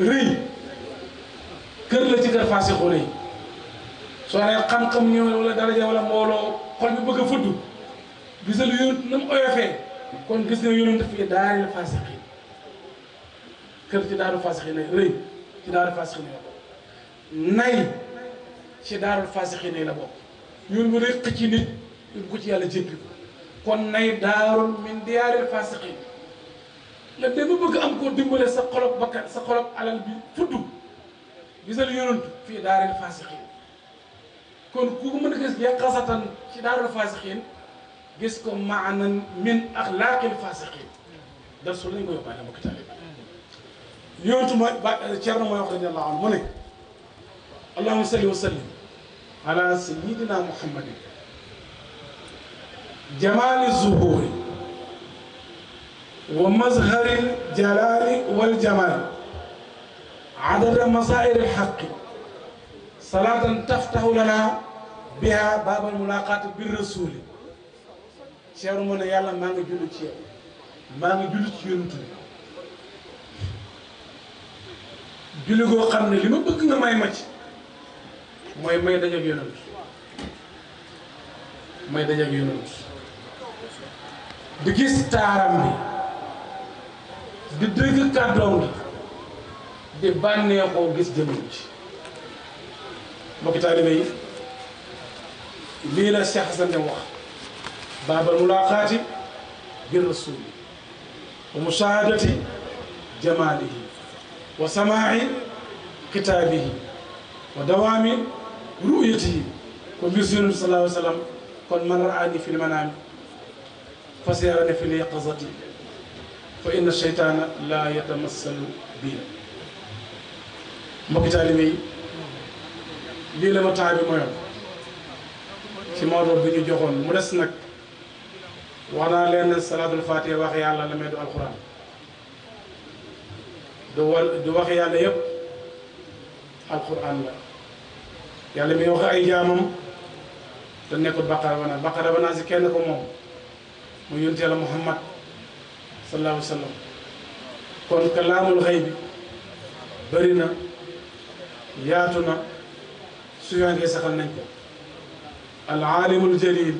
rëy kër la ci kër faasixu rëy soo nee xam-xam ñëw wala daraja wala mbooloo xol bi bëgg a fudd gisal yoon na mu oyofee kon gis ne yoonam daf fii daaril faasixiin kër ci daaru faasixiin ay rëy ci daaru faasixiin la nay la bokk ñun mu rëq ci nit ñu ko ci yàlla jéppi ko kon nay daarul min diyaaril fasiqin la dama bëgg am koo dimbale sa xolob bakkan sa xolob alal bi fuddu gisal yonent fii daaril fasiqin kon ku ko mën a gis yaqasatan ci daar fasiqin gis ko maanan min axlaaqil fasiqin dar su lañ ko yóbbaale mbokk talib yonent mooy ba Ceerno mooy wax radiallahu anhu mu ne allahuma salli wa sallim ala sayidina muhammadin jamaali zuhuri wa mazharil jalaali wal jamaal adada masaa'iril haqqi salaatan taftahu lana biha baabal mulaaqaati bi rasuuli Cheikh mu ne yàlla maa ngi julli ci yow maa ngi julli ci yonent bi julli goo xam ne li ma bëgg nga may ma ci mooy may dajeeg yonent may dajeeg yonent di gis taaram bi di dégg kàddoom gi di bànneexoo gis jëmm ji mbokki taalibe yi lii la Cheikh wax baabal mulaaxaati bi rasuuli wa mushaahadati jamaalihi wa samaa'i kitaabihi wa dawaami ru'yatihi ko bis yonent wa sallam kon man raani fil fas yéene fi liqazati fa inna seytaana laa yatamassalu bii mbokki taalibe yi lii la ma taa bi ci Maodo bi ñu joxoon mu des nag wax naa leen salaatul faatiha wax yàlla la may du alxuraan du du wax yàlla yëpp alxuraan la yàlla mi wax ay jaamam te nekkul baqara ba naa baqara ba naa si kenn ko moom mu yónni yàlla muhammad sallallahu wa sallam kon kalaamul xëy bi bëri na yaatu na suyaangee saxal nañ ko al aalimul jalil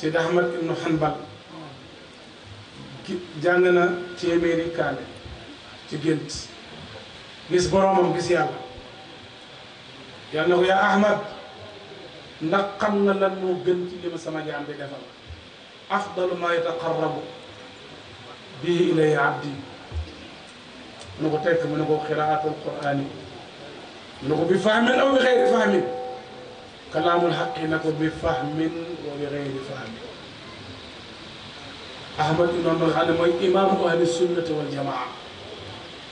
Seydi Ahmad ibnu Hanbal jàng na téeméeri kaale ci gént gis boroomam gis yàlla yàlla na ko yaa Ahmad ndax xam nga lan moo gën ci li ma sama jaam bi defal afdalu ma yataqarrabu bihi ilay abdi mu ne ko tekk mu ne ko xiraatul qur'ani mu ne ko bi fahmin aw bi xeyri fahmin kalaamul xaqi na ko bi fahmin wa bi xeyri fahmin ahmad imam nga xam ne mooy imaamu ahli sunnati wal jamaa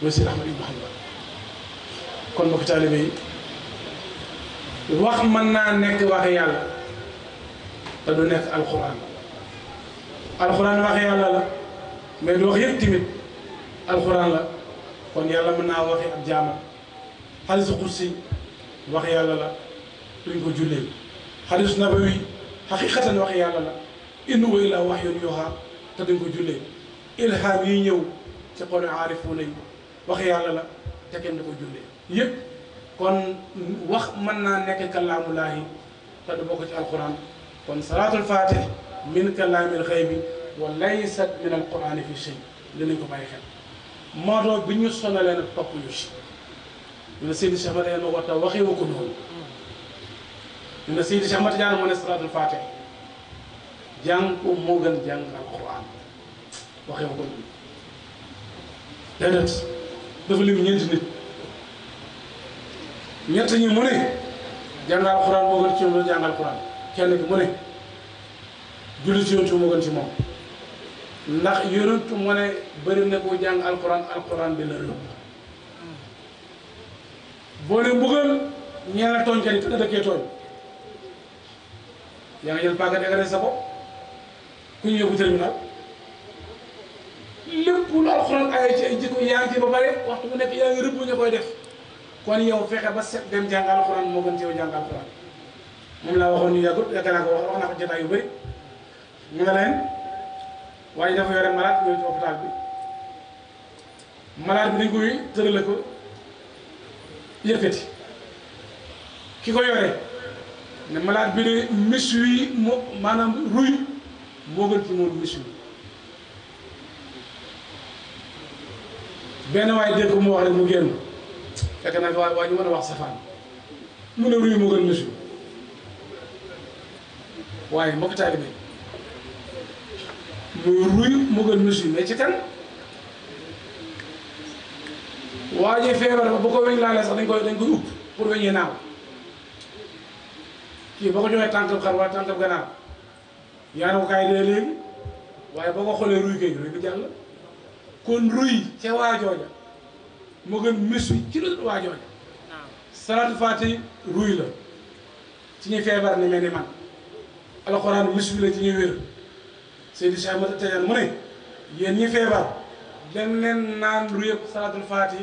mooy sëñ ahmad ibn hanbal kon mbokk taalibe yi wax mën naa nekk waxi yàlla te du nekk alquran alxuraan wax yàlla la mais du wax yëpp tamit alxuraan la kon yàlla mën naa waxi ak jaamam xadisu xudsi wax yàlla la duñ ko jullee xadisu nabawi xaqiqatan wax yàlla la in huwa illaa wahyun yuuhaa te duñ ko jullee ilhaam yi ñëw ci xolu aarifuuna wax yàlla la te kenn du ko jullee yëpp kon wax mën naa nekk kalaamulaahi te du bokk ci alxuraan kon salaatul faatih min kalaamil xëy bi wa laysat min alquraan fi shay dinañ ko bàyyi xel moo tax bi ñu sonalee nag topp ñu si ñu ne Seydi Cheikh Mate ma waxta waxee wu ko noonu ñu ne Seydi Cheikh Mate Diagne mu ne salaatul faate moo gën jàng alquraan noonu déedéet dafa kenn ki mu ne julli ci yontu moo gën ci moom ndax yonentu mu ne bëri na ko jàng alxuraan alxuraan bi la rëbb boo ne mbugal ñee la tooñ kat yi tëdd dëkkee tooñ yaa nga jël paaka dégare sa yaa ngi ba pare waxtu bu nekk yaa ngi rëbb nga koy def kon yow fexe ba set dem jàng alxuraan moo gën ci jàng alxuraan moom laa waxoon ñu yàggut yaakaar naa ko wax wax naa ko jotaay yu bëri ñu ne leen waaye dafa yore malade ñëw ci hôpital bi malaat bi dañ koy la ko yëkkati ki ko yore ne malade bi ne mis wi moo ruy moo gën ci moom mis benn waaye dégg mu wax rek mu génn fekk nag waa waa ñu mën a wax safaan mu a ruy mu gën mis waaye mbokk taalibe bi muy ruy mu gën musu mais ci ten waaje feebar ba bu ko weñ laalee sax dañ koy dañ pour weñee naaw kii boo ko joxee tànkab xar waa tànkab ko kaay boo ko xoolee ruy kay ruy bi jàll kon ruy ca waajooja mu gën misu ci lu waajooja salaatu faati ruy la ci ñuy feebar ni mel ni man alxuraan misu la ci ñuy wér Seydi Cheikh Ahmad Tidiane mu ne yéen ñi feebar dem leen naan lu yëpp salaatul faati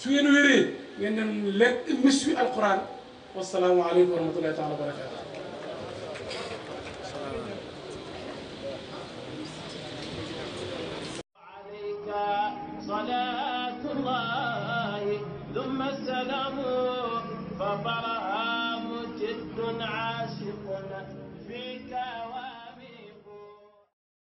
su ngeen wéree ngeen dem lekk mis wi alquran wasalaamu aleykum wa rahmatullahi taala wa barakatu صلاة الله ثم السلام فطرها مجد عاشق فيك